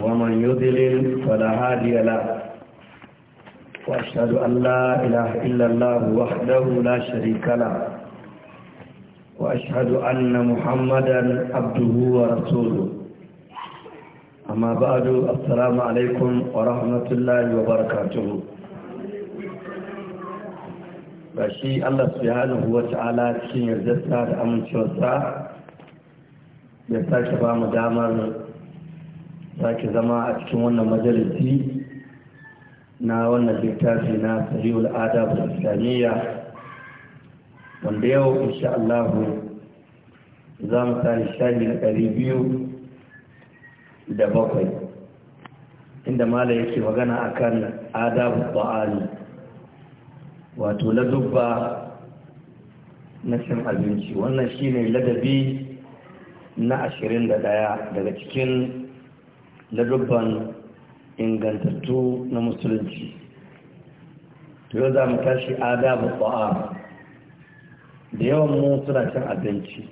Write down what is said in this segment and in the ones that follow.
ومن يضلل فلا هادي له وأشهد أن لا إله إلا الله وحده لا شريك له وأشهد أن محمدا عبده ورسوله أما بعد السلام عليكم ورحمة الله وبركاته بشي الله سبحانه وتعالى ta'ala cikin yardarsa da amincewarsa ya sake zama a cikin wannan majalisi na wannan littafi na sahihul adab islamiyya wanda yau insha Allah za mu tsari nishadi na ɗari biyu da bakwai inda mala yake magana akan adabu ba'ali wato ladubba na cin abinci wannan shine ladabi na ashirin da daya daga cikin ladubban ingantattu na musulunci yau za mu tashi adabu ba'a da yawan mu suna cin abinci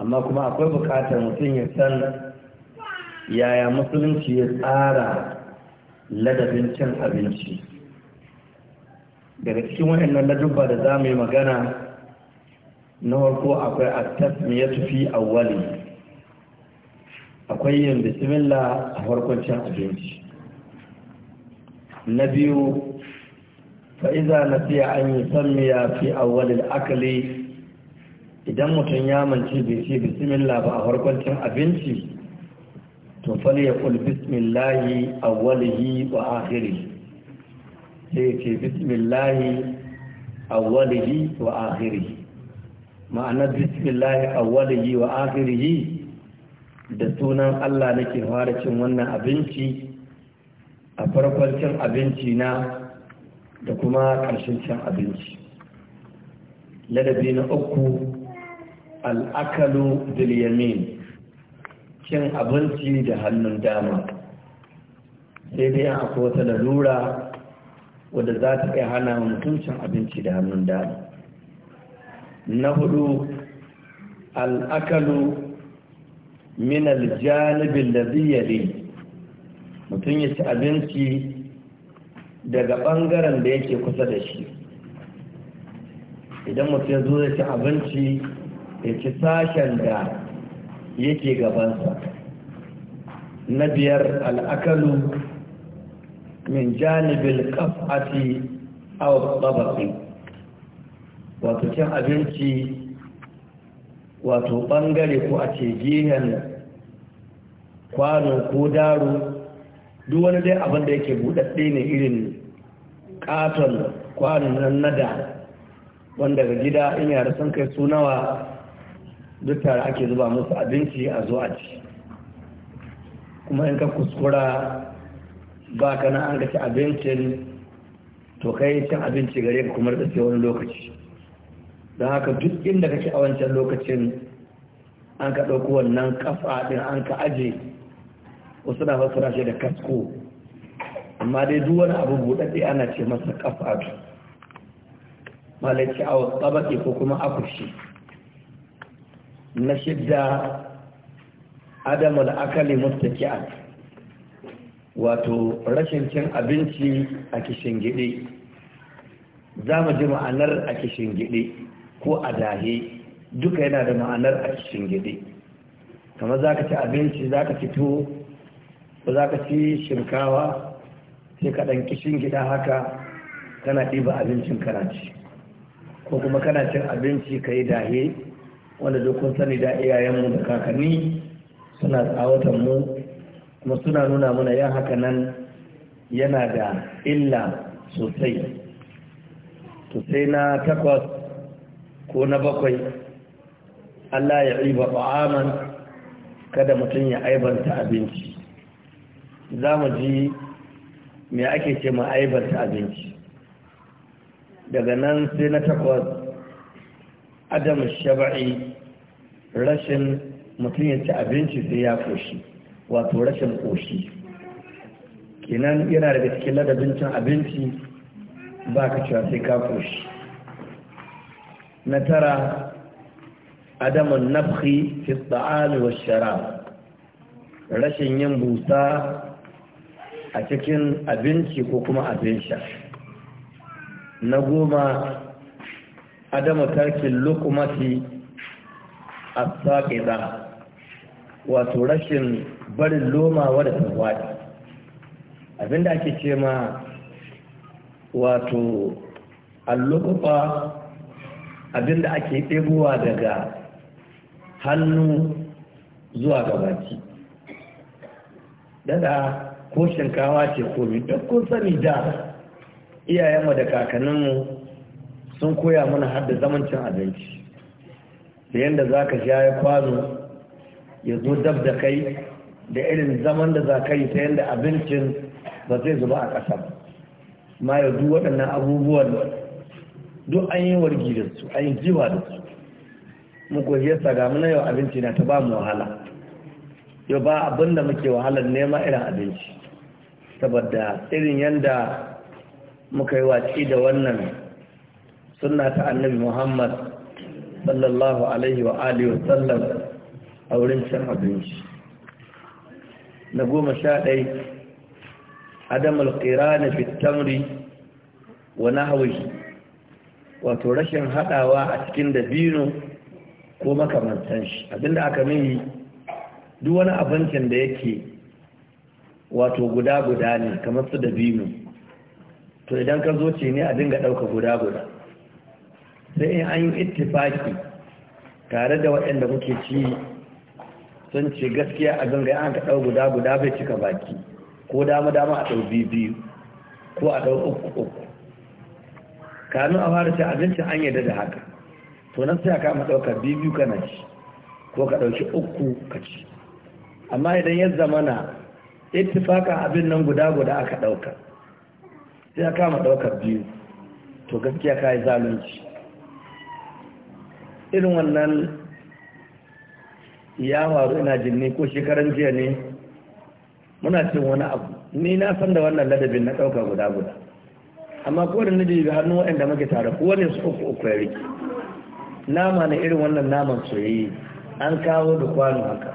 amma kuma akwai bukatar mutum ya san yaya musulunci ya tsara ladabin cin abinci daga cikin waɗannan ladubba da za mu yi magana na farko akwai a tasmiyatu fi awwali akwai yin bismillah a farkon cin abinci na biyu fa'iza na siya an yi sammiya fi awwalil akali idan mutum ya manci bai ce bismillah ba a farkon cin abinci to fali ya kul a awwalihi wa ahiri sai ce a awwalihi wa ahiri ma'anar a awwalihi wa akhirihi da sunan Allah nake fara cin wannan abinci a farkon cin abinci na da kuma ƙarshen cin abinci ladabi na uku al'akalu bilyamin cin abinci da hannun dama sai dai akwai wata lalura wadda za ta iya hana mutum cin abinci da hannun dama na hudu al'akalu min aljanibin da ziyare mutum ya ci abinci daga ɓangaren da yake kusa da shi idan mutum ya zo ya ci abinci ya ci sashen da yake gabansa na biyar al'akalu min janibin kaf'ati a wasu wato cin abinci wato ɓangare ko a ce gehen kwano ko daro duk wani dai abin da yake buɗaɗɗe ne irin ƙaton kwanon nan nada wanda ga gida in yara sun kai sunawa duk tare ake zuba musu abinci a zo a ci kuma in ka kuskura ba ka na an gaci abincin to kai cin abinci gare ka kuma da wani lokaci don haka duk inda kake a wancan lokacin an ka ɗauki wannan kafa ɗin an ka aje wasu na wasu shi da kasko amma dai duk wani abu buɗaɗe ana ce masa kafa malaki a tsabaki ko kuma akushi na shidda adamul akali mustaki'an wato rashin cin abinci a kishin gide za mu ji ma'anar a kishin gide ko a dahe duka yana da ma'anar a cikin gide kama za ka ci abinci za ka ci tuwo ko za ka ci shinkawa sai ka ɗan kishin gida haka kana ɗiba abincin kana ko kuma kana cin abinci ka yi dahe wanda dokun sani da iyayenmu da kakanni suna tsawatan mu kuma suna nuna mana yan haka nan yana da illa sosai to sai na takwas ko na bakwai Allah ya riba ba'aman kada mutum ya aibanta abinci za mu ji me ake ce ma aibanta abinci daga nan sai na takwas adam shaba'i rashin mutum ya ci abinci sai ya koshi wato rashin koshi kenan yana daga cikin ladabincin abinci ba ka cewa sai ka koshi na tara adamun nafhi fi wa rashin yin busa a cikin abinci ko kuma abin sha na goma adamu tarkin lukumati a saƙiɗa wato rashin barin lomawa da tarwaɗi abinda ake ce ma wato allukufa abin da ake ɗebowa daga hannu zuwa gabaki dada ko shinkawa ce komi duk kun sani da iyayenmu da kakanninmu sun koya mana hada zamancin abinci da yadda za ka sha ya kwano ya zo dab da kai da irin zaman da za ka yi ta yadda abincin ba zai zuba a ƙasa ma ya waɗannan abubuwan duk an yi wargi da su an yi jiwa da su mu ga muna yau abinci na ta ba mu wahala yau ba abinda da muke wahalar nema irin abinci saboda irin yadda muka yi watsi da wannan sunna ta annabi muhammad sallallahu alaihi wa alihi wasallam a wurin cin abinci na goma sha ɗai adam alƙira na fitamri wa wato rashin haɗawa a cikin dabino ko makamantan shi abinda aka nuni duk wani abincin da yake wato guda-guda ne kamar su dabino to idan ka zo ce ne a dinga ɗauka guda-guda sai in an yi ittifaki tare da waɗanda muke ci sun ce gaskiya a zanga an ka ɗau guda-guda bai cika baki ko dama-dama a ɗau biyu ko a ɗau uku-uku kanu a fara ce abincin an yadda da haka to nan sai ka kama ɗaukar biyu kana ci ko ka ɗauki uku ka ci amma idan ya zamana ittifaka abin nan guda guda aka ɗauka sai ka kama ɗaukar biyu to gaskiya ka yi zalunci irin wannan ya waru ina jinni ko shekaran jiya ne muna cin wani abu ni na san da wannan ladabin na ɗauka guda guda amma kowane na ga hannu waɗanda muke tare kowane su uku uku ya nama na irin wannan naman soyayye an kawo da kwano haka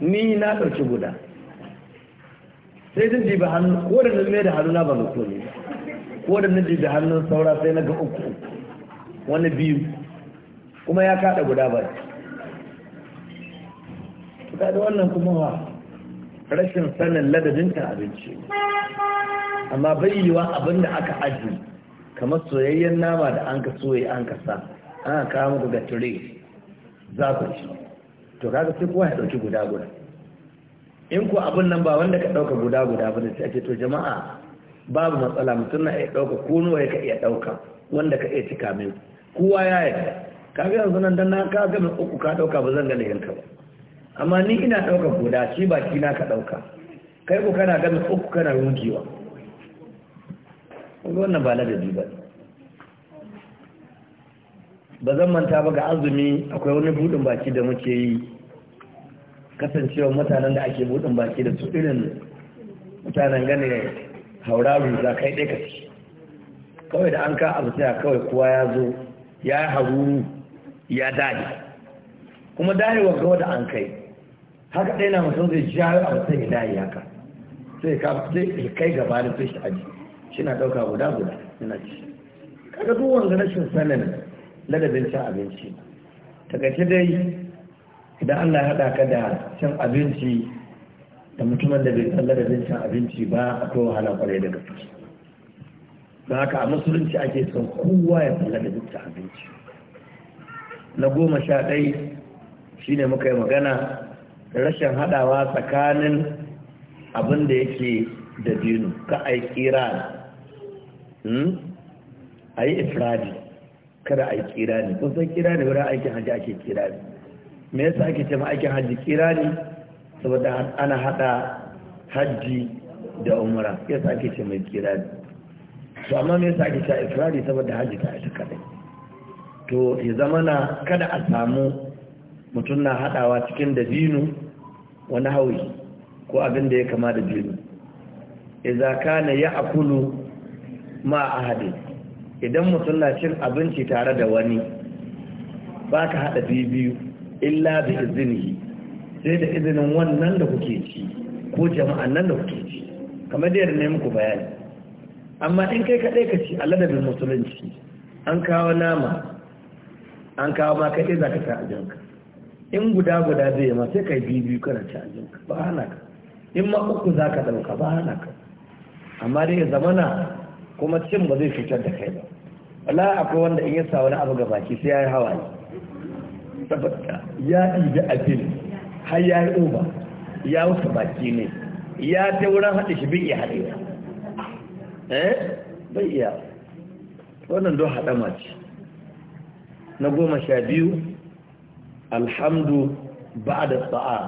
ni na ɗauki guda sai zan jiba hannu ko da nan da hannu na ba ne ko da nan jiba hannun saura sai na ga uku wani biyu kuma ya kaɗa guda ba ta da wannan kuma wa rashin sanin ladabin ta abinci amma bayyawa abin da aka aji kamar soyayyen nama da an ka soye an ka sa an kawo muku ga ture za ku ci to kaga sai kowa ya ɗauki guda guda in ku abin nan ba wanda ka ɗauka guda guda ba da sai ake to jama'a babu matsala mutum na iya ɗauka ko nawa ya ka iya ɗauka wanda ka iya cika min kowa ya yi kaga yanzu nan dan na kaga mai uku ka ɗauka ba zan ga yanka ba amma ni ina ɗaukar guda shi baki na ka ɗauka kai ko kana gami uku kana rugewa wannan ba ladabi ba ba zan manta ba ga azumi akwai wani buɗin baki da muke yi kasancewar mutanen da ake buɗin baki da su irin mutanen gane haura za kai ɗaya ka ci kawai da an ka abu sai kawai kowa ya zo ya yi haruru ya dade kuma darewa ga wanda an kai haka ɗaya na mutum zai ja a wasan ya dayi haka sai ka zai kai gaba da fish aji shi na ɗauka guda guda yana ci kaga duk wanda rashin sanin ladabin cin abinci takaice dai idan Allah ya haɗa ka da cin abinci da mutumin da bai san ladabin cin abinci ba akwai wahala kwarai da gaske don haka a musulunci ake son kowa ya san ladabin cin abinci na goma sha ɗai shine muka yi magana rashin haɗawa tsakanin abin da yake da dinu ka a yi ƙira hmm? a yi ifradi kada a yi kira ne kun san kira ne wurin aikin hajji ake kira ne me yasa ake ce ma aikin hajji kira ne saboda ana haɗa hajji da umra yasa ake ce mai kira ne to amma me yasa ake ce ifradi saboda hajji ta ita kadai to ya zama na kada a samu mutum na haɗawa cikin dabinu. wani hawi ko abin da ya kama da na idza kana ya'kulu ma ahadin idan mutum na cin abinci tare da wani ba ka haɗa biyu illa bi izinihi sai da izinin wannan da kuke ci ko jama'an nan da kuke ci kamar da ne muku bayani amma in kai kaɗai ka ci a ladabin musulunci an kawo nama an kawo ma kaɗai za ka ta ajanka in guda guda zai ma sai kai biyu biyu kana ci ajin ka ba hana ka in ma uku za ka ɗauka ba hana ka amma dai ya zamana kuma cin ba zai fitar da kai ba wala akwai wanda in ya sa wani abu ga baki sai ya yi hawaye saboda ya ɗibi abin har ya yi uba ya wuce baki ne ya ta wurin haɗe shi bai iya haɗe ba eh bai iya wannan don haɗama ce na goma sha biyu alhamdu ba da sa'a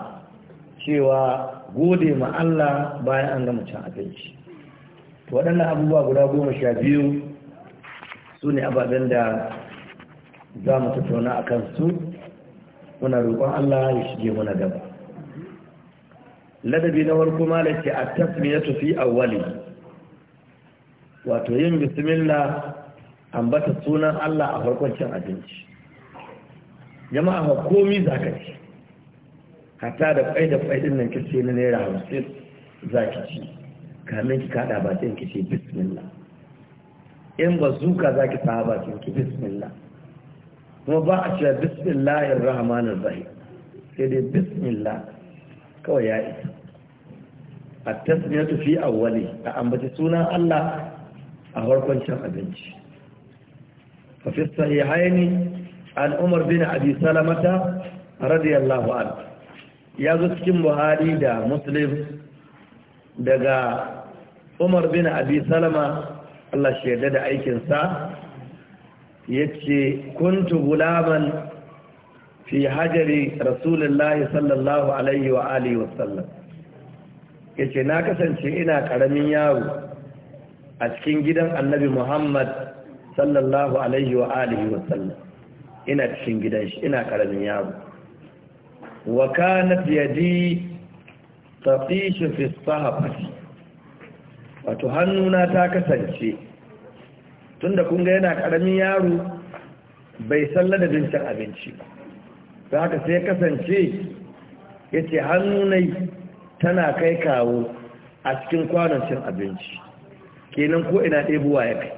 cewa gode ma Allah bayan an gama cin abinci to waɗannan abubuwa guda goma sha biyu su ne ababen da za mu tattauna a kansu muna roƙon Allah ya shige muna gaba ladabi na farko malaki a tasmiyatu fi awwali wato yin bismillah ambata sunan Allah a farkon cin abinci jama'a ma komi za ka ci hatta da kwai da kwai din nan kace na naira hamsin za ki ci kamin ki kada ba sai ki bismillah in ba zuka za ki saba ki ki bismillah kuma ba a cewa bismillahir rahmanir rahim sai dai bismillah kawai ya isa a tasmiyatu fi awwali a ambaci sunan Allah a farkon cin abinci fa fi sahihaini an umar bin abi salamata radiyallahu an ya zo cikin buhari da muslim daga umar bin abi salama Allah shi da aikinsa ya ce kuntu gulaman fi hajari rasulullahi sallallahu alaihi wa alihi wasallam ya ce na kasance ina ƙaramin yaro a cikin gidan annabi muhammad sallallahu alaihi wa alihi wasallam ina cikin gidan shi ina karamin yaro wa kanat yadi tafishu fi sahabati wato hannuna ta kasance tunda kun ga yana karamin yaro bai san ladabin cin abinci ba haka sai kasance yace hannunai tana kai kawo a cikin kwanon cin abinci kenan ko ina ɗebowa ya kai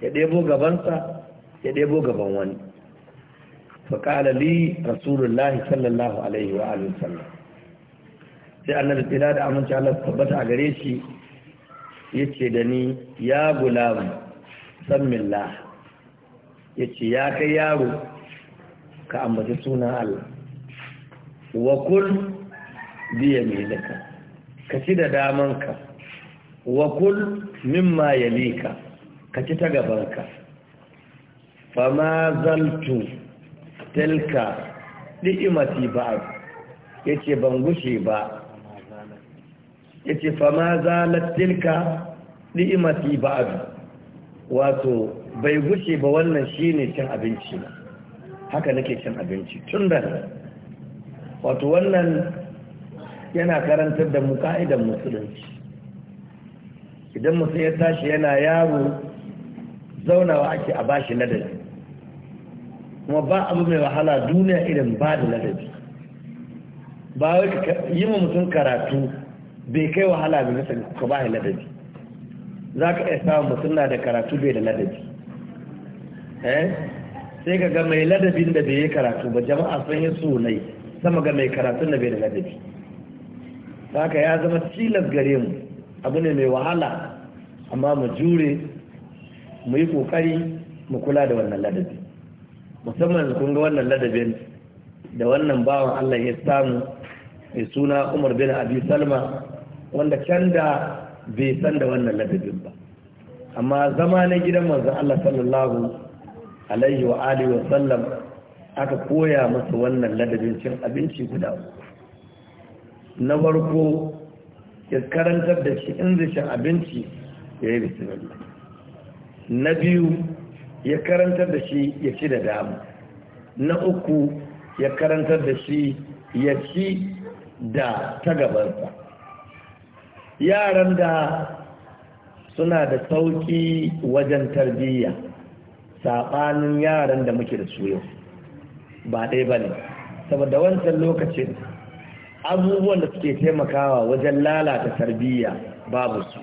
ya ɗebo gabansa ya ɗebo gaban wani faƙala li rasulullahi sallallahu alaihi wa alihi sallam sai annabi tsira da aminci Allah tabbata a gare shi yace da ni ya gulam sammillah yace ya kai yaro ka ambaci sunan Allah wa kul biya milika ka ci da damanka wa kul mimma yalika ka ci ta gabanka fama zaltu tilka ni'imati ya yace ban gushe ba yace fa ma zalat tilka ni'imati ba wato bai gushe ba wannan shine cin abinci ba haka nake cin abinci tun da wato wannan yana karantar da mu ka'idar musulunci idan mutum ya tashi yana yaro zaunawa ake a bashi ladabi kuma ba abu mai wahala duniya irin ba da ladabi ba wai yi ma mutum karatu bai kai wahala bai nasa ka ba ladabi za ka iya samun mutum na da karatu bai da ladabi eh? sai ka ga mai ladabin da bai yi karatu ba jama'a sun yi sunai sama ga mai karatu da bai da ladabi ka ya zama tilas gare mu abu ne mai wahala amma mu jure mu yi kokari mu kula da wannan ladabi musamman kun ga wannan ladabin da wannan bawan Allah ya samu mai suna Umar bin Abi Salma wanda can da bai san da wannan ladabin ba amma zama na gidan manzon Allah sallallahu alaihi wa alihi wa sallam aka koya masa wannan ladabin cin abinci guda na farko ya karantar da shi in zai abinci ya yi bismillah na biyu ya karantar da shi ya ci da damu na uku ya karantar da shi ya ci da ta gabansa yaran da suna da sauki wajen tarbiyya saɓanin yaran da muke da su yau ba ɗaya ba ne saboda wancan lokacin abubuwan da suke taimakawa wajen lalata tarbiyya babu su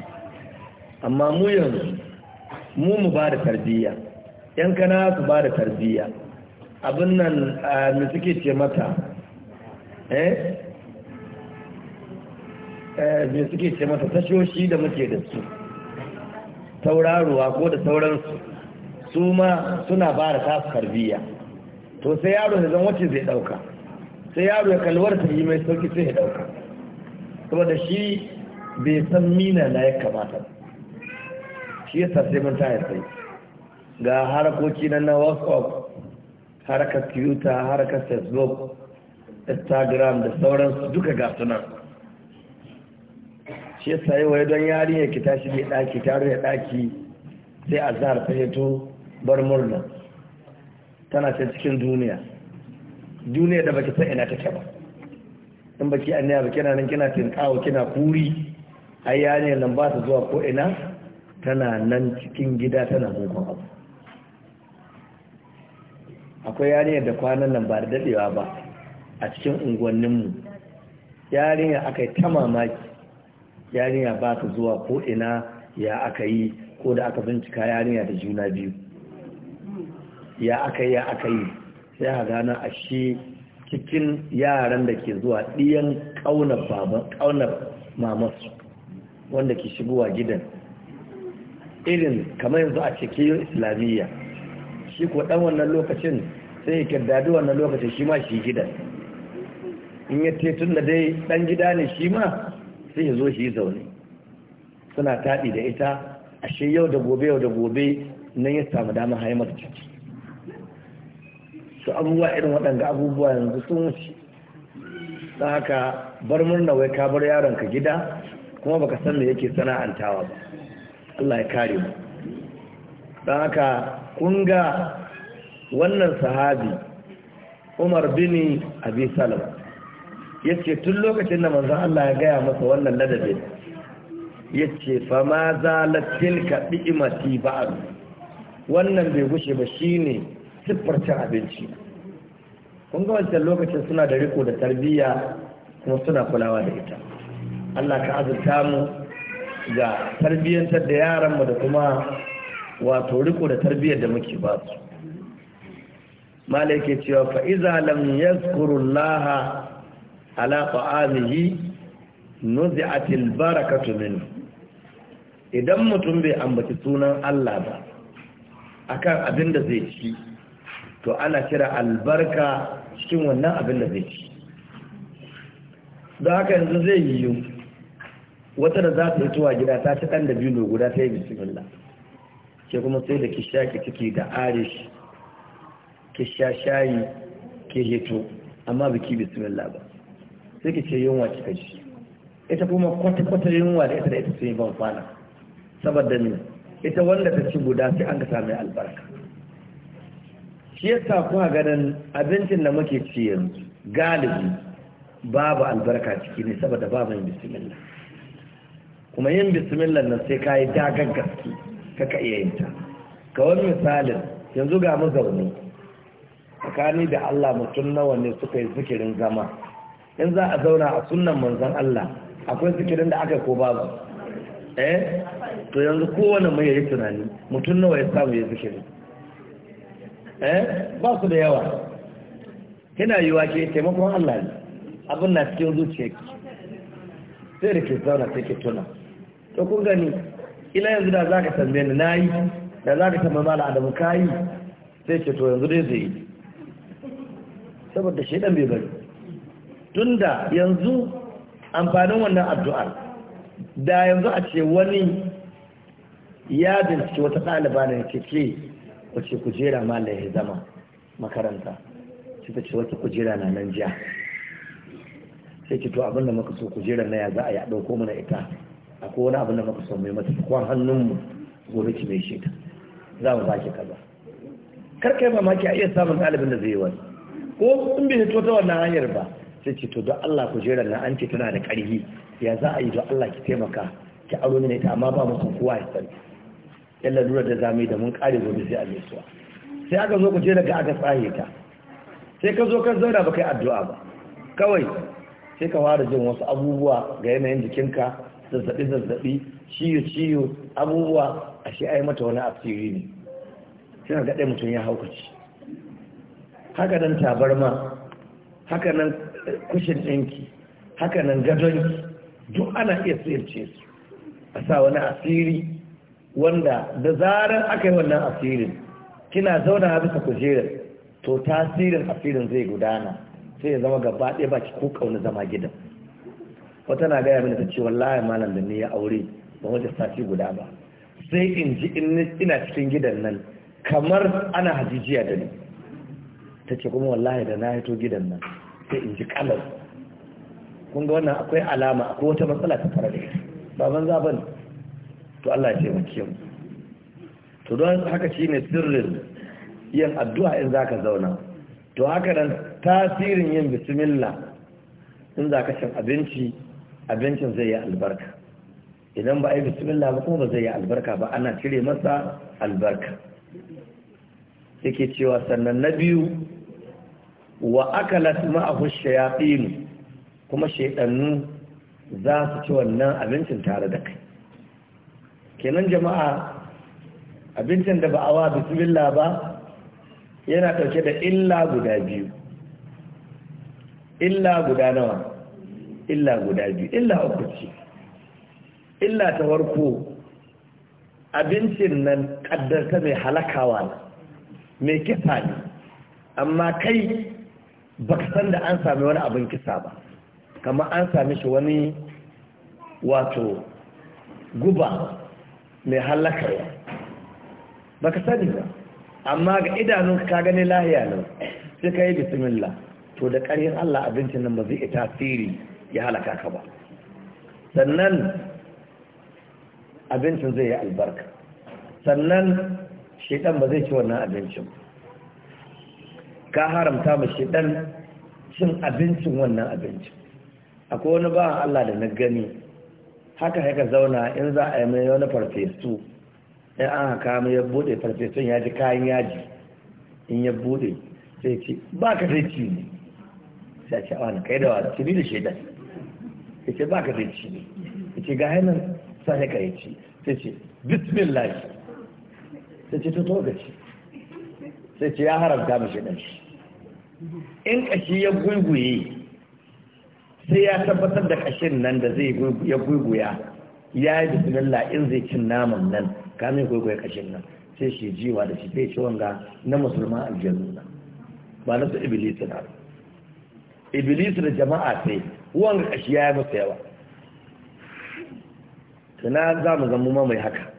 amma mu yanzu mu mu ba da tarbiyya yan kana su ba da tarbiya abin nan me suke ce mata eh, eh suke ce mata tashoshi da muke da su tauraruwa ko da sauransu su ma suna ba da tasu tarbiya to sai yaro da zan wace zai dauka sai yaro ya kalwar ta yi mai sauki sai ya dauka saboda shi bai san mina na ya kamata shi yasa sai mun ta ya sai ga harkoki na na whatsapp harkar twitter harkar facebook instagram da sauransu duka ga sunan shi sai waye don don yarinya ki tashi mai daki ta rufe daki sai a zahar ta hito bar murna tana ta cikin duniya duniya da baki san ina ta ba in baki annaya baki kina nan kina tinkawo kina kuri ai nan ba ta zuwa ko ina tana nan cikin gida tana mugun abu akwai yarinyar da kwanan nan ba da dadewa ba a cikin unguwanninmu yarinya aka yi ta mamaki yarinya ba ta zuwa ko ina ya aka yi ko da aka bincika yarinya da juna biyu ya aka yi ya aka yi sai a gana a shi cikin yaran da ke zuwa ɗiyan ƙaunar mamasu wanda ke shigowa gidan irin kamar yanzu a cikin islamiyya shi ko ɗan wannan lokacin sai ya kirdadu wannan lokacin shi ma shi gidan in ya ce tun da dai dan gida ne shi ma sai ya zo shi zaune suna taɗi da ita ashe yau da gobe yau da gobe nan ya samu dama haimar ciki su abubuwa irin waɗanda abubuwa yanzu sun wuce don haka bar murna wai ka bar yaron ka gida kuma baka san me yake sana'antawa ba Allah ya kare mu don haka kun ga wannan sahabi umar bini abi salama ya ce tun lokacin da manzan Allah ya gaya masa wannan ladabin ya ce za zalatil ka bi'imati ba'ad wannan bai gushe ba shine siffar cin abinci kun ga wancan lokacin suna da riko da tarbiyya kuma suna kulawa da ita Allah ka azurta mu ga tarbiyyantar da yaranmu da kuma wato riko da tarbiyyar da muke ba su malaike cewa fa iza lam yazkurullaha ala ta'amihi nuzi'atil barakatu minhu idan mutum bai ambaci sunan Allah ba akan abin da zai ci to ana kira albarka cikin wannan abin da zai ci don haka yanzu zai yi wata da za ta yi tuwa gida ta ci ɗan da biyu guda ta yi bismillah ke kuma sai da ki shaƙi ciki da arish ki sha shayi ki hito amma biki bismillah ba sai ki ce yunwa kika ji ita kuma kwata-kwata yunwa da ita da ita sai ban kwana saboda ne ita wanda ta ci guda sai an ka sami albarka shi yasa kuma ganin abincin da muke ci yanzu galibi babu albarka ciki ne saboda babu yin bismillah kuma yin bismillah nan sai ka yi dagar gaske kaka iya yin ta wani misalin yanzu ga mu zaune tsakani da Allah mutum nawa ne suka yi zikirin zama in za a zauna a sunan manzan Allah akwai zikirin da aka ko babu eh to yanzu kowane mai yayi tunani mutum nawa ya samu ya zikirin eh ba su da yawa kina yiwa ke taimakon Allah ne abin na cikin ki sai da ke zauna sai ke tuna to kun gani ila yanzu da za ka tambaye ni na yi da za ka tambaye mala adamu ka yi sai ce to yanzu dai zai yi saboda ɗan bai bari tunda yanzu amfanin wannan addu'ar da yanzu a ce wani ya bincike wata ɗaliba ne ke ce wace kujera ma ya zama makaranta ce ta ce wata kujera na nan jiya sai ce to abin da muka so kujera na ya za a yi a mana ita akwai wani abin da muka so mai mata kwan hannunmu gobe ki mai shi ta za mu ba ki kaza kar yi mamaki a iya samun ɗalibin da zai yi wani ko in bai fito ta wannan hanyar ba sai ce to don Allah ku jera na an ce tana da ƙarfi ya za a yi don Allah ki taimaka ki aro ne ta amma ba mu kowa ya sani yan lura da zamu da mun kare gobe sai a gaisuwa sai aka zo ku jera ga aka tsaye ta sai ka zo ka zauna ba kai addu'a ba kawai sai ka fara jin wasu abubuwa ga yanayin jikinka zazzabi zazzabi ciyo ciyo abubuwa a shi ai mata wani asiri ne sai ka ga mutum ya haukaci haka nan tabarma haka nan eh, kushin ɗinki haka nan gadonki duk ana iya tsirce su a sa wani asiri wanda da zarar aka yi wannan asirin kina zauna a bisa kujerar to tasirin asirin zai gudana sai ya zama gaba ɗaya baki ko kauna zama gidan wata na gaya mini ta ce wallahi malam da ni ya aure ba wata sati guda ba sai in ji ina cikin gidan nan kamar ana hajijiya da ni ta ce kuma wallahi da na haito gidan nan sai in ji kalar kun ga wannan akwai alama akwai wata matsala ta fara da ita ba banza ba ne to Allah ya taimake mu to don haka shine sirrin yin addu'a in za ka zauna to haka nan tasirin yin bismillah in ka shan abinci abincin zai yi albarka idan ba a yi bismillah ba kuma ba zai yi albarka ba ana cire masa albarka yake cewa sannan na biyu wa akalat ma'ahu shayatin kuma shaidannu za su ci wannan abincin tare da kai kenan jama'a abincin da ba a wa bismillah ba yana dauke da illa guda biyu illa guda nawa illa guda biyu illa uku ce illa ta warko abincin nan ƙaddarta mai halakawa mai kisa ne amma kai ba ka san da an sami wani abin kisa ba kamar an sami shi wani wato guba mai ya, ba ka sani ba amma ga idanun ka gani lahiya nan sai ka yi bismillah to da karyar allah abincin nan ba zai ita tasiri ya halaka ka ba sannan abincin zai yi albarka sannan shaidan ba zai ci wannan abincin ba ka haramta ma dan cin abincin wannan abincin akwai wani ba Allah da na gani haka haka zauna in za a yi mai wani farfesu in an haka mai ya bude farfesun ya ji kayan yaji in ya bude sai ce ba ka zai ci ne sai ce wani kai da wani tuni da shaidan ya ce ba ka zai ci ne ya ce ga hainan sai ka yi ci sai ce bismillah sai ce ta to ga ci sai ce ya haramta mishi ƙashi in ƙashi ya gulguye sai ya tabbatar da ƙashin nan da zai ya gulguya ya yi bisimillah in zai cin naman nan kamin gulguye ƙashin nan sai shi jiwa da shi zai ci wanga na musulman aljanu na ba na su iblis na iblis da jama'a sai wanga ƙashi ya yi masa yawa tana za mu zama mai haka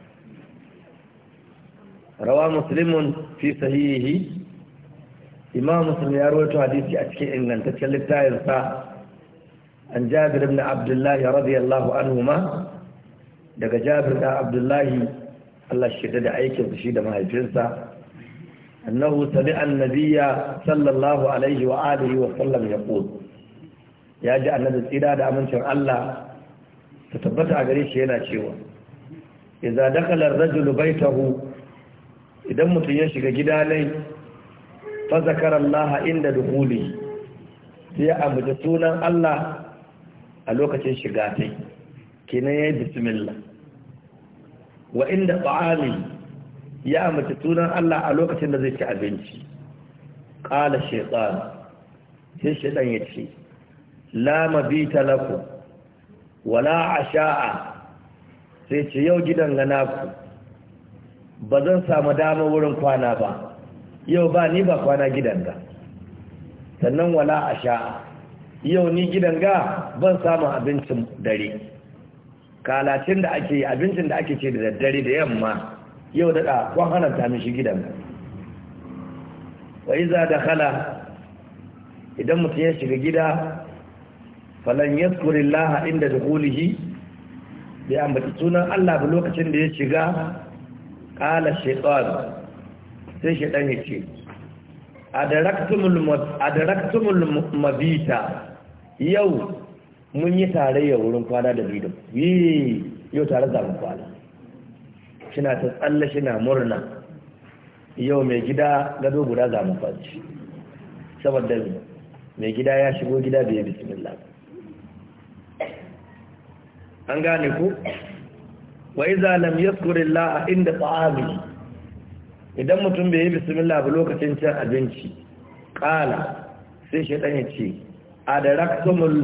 rawa muslimun fi sahihi imam muslim ya rawaito hadisi a cikin ingantaccen littafinsa an jabir ibn abdullahi radiyallahu anhuma daga jabir da abdullahi Allah shi da aikin shi da mahaifinsa annahu sami annabiya sallallahu alaihi wa alihi wa sallam ya ya ji annabi tsira da amincin Allah ta tabbata a gare shi yana cewa idza dakala ar-rajulu baytahu idan mutum ya shiga gida nai fa zakarallaha inda dukhuli sai ya ambata sunan Allah a lokacin shiga tai kenan yayi bismillah wa inda ta'ali ya ambata sunan Allah a lokacin da zai ci abinci qala shaytan sai shaytan ya ce la mabita lakum wala asha'a sai ce yau gidan ga naku ba zan samu dama wurin kwana ba yau ba ni ba kwana gidan ga sannan wala a sha yau ni gidan ga ban samu abincin dare kalacin da ake abincin da ake ce da daddare da yamma yau daɗa kwan ta mishi gidan ga wai za da hala idan mutum ya shiga gida falon tsorin laha inda da kulihi bai ambata sunan allah ba lokacin da ya shiga ƙala shaitan sai shaitan ya ce adaraktumul mabita yau mun yi tarayya wurin kwana da bidon yi yau tare za mu kwana shina ta tsalle shina murna yau mai gida gado guda za mu kwanci saboda mai gida ya shigo gida bai bismillah an gane ku wa iza lam yadhkurillah inda ta'ami idan mutum bai yi bismillah ba lokacin cin abinci qala sai shaytan ya ce adaraktumul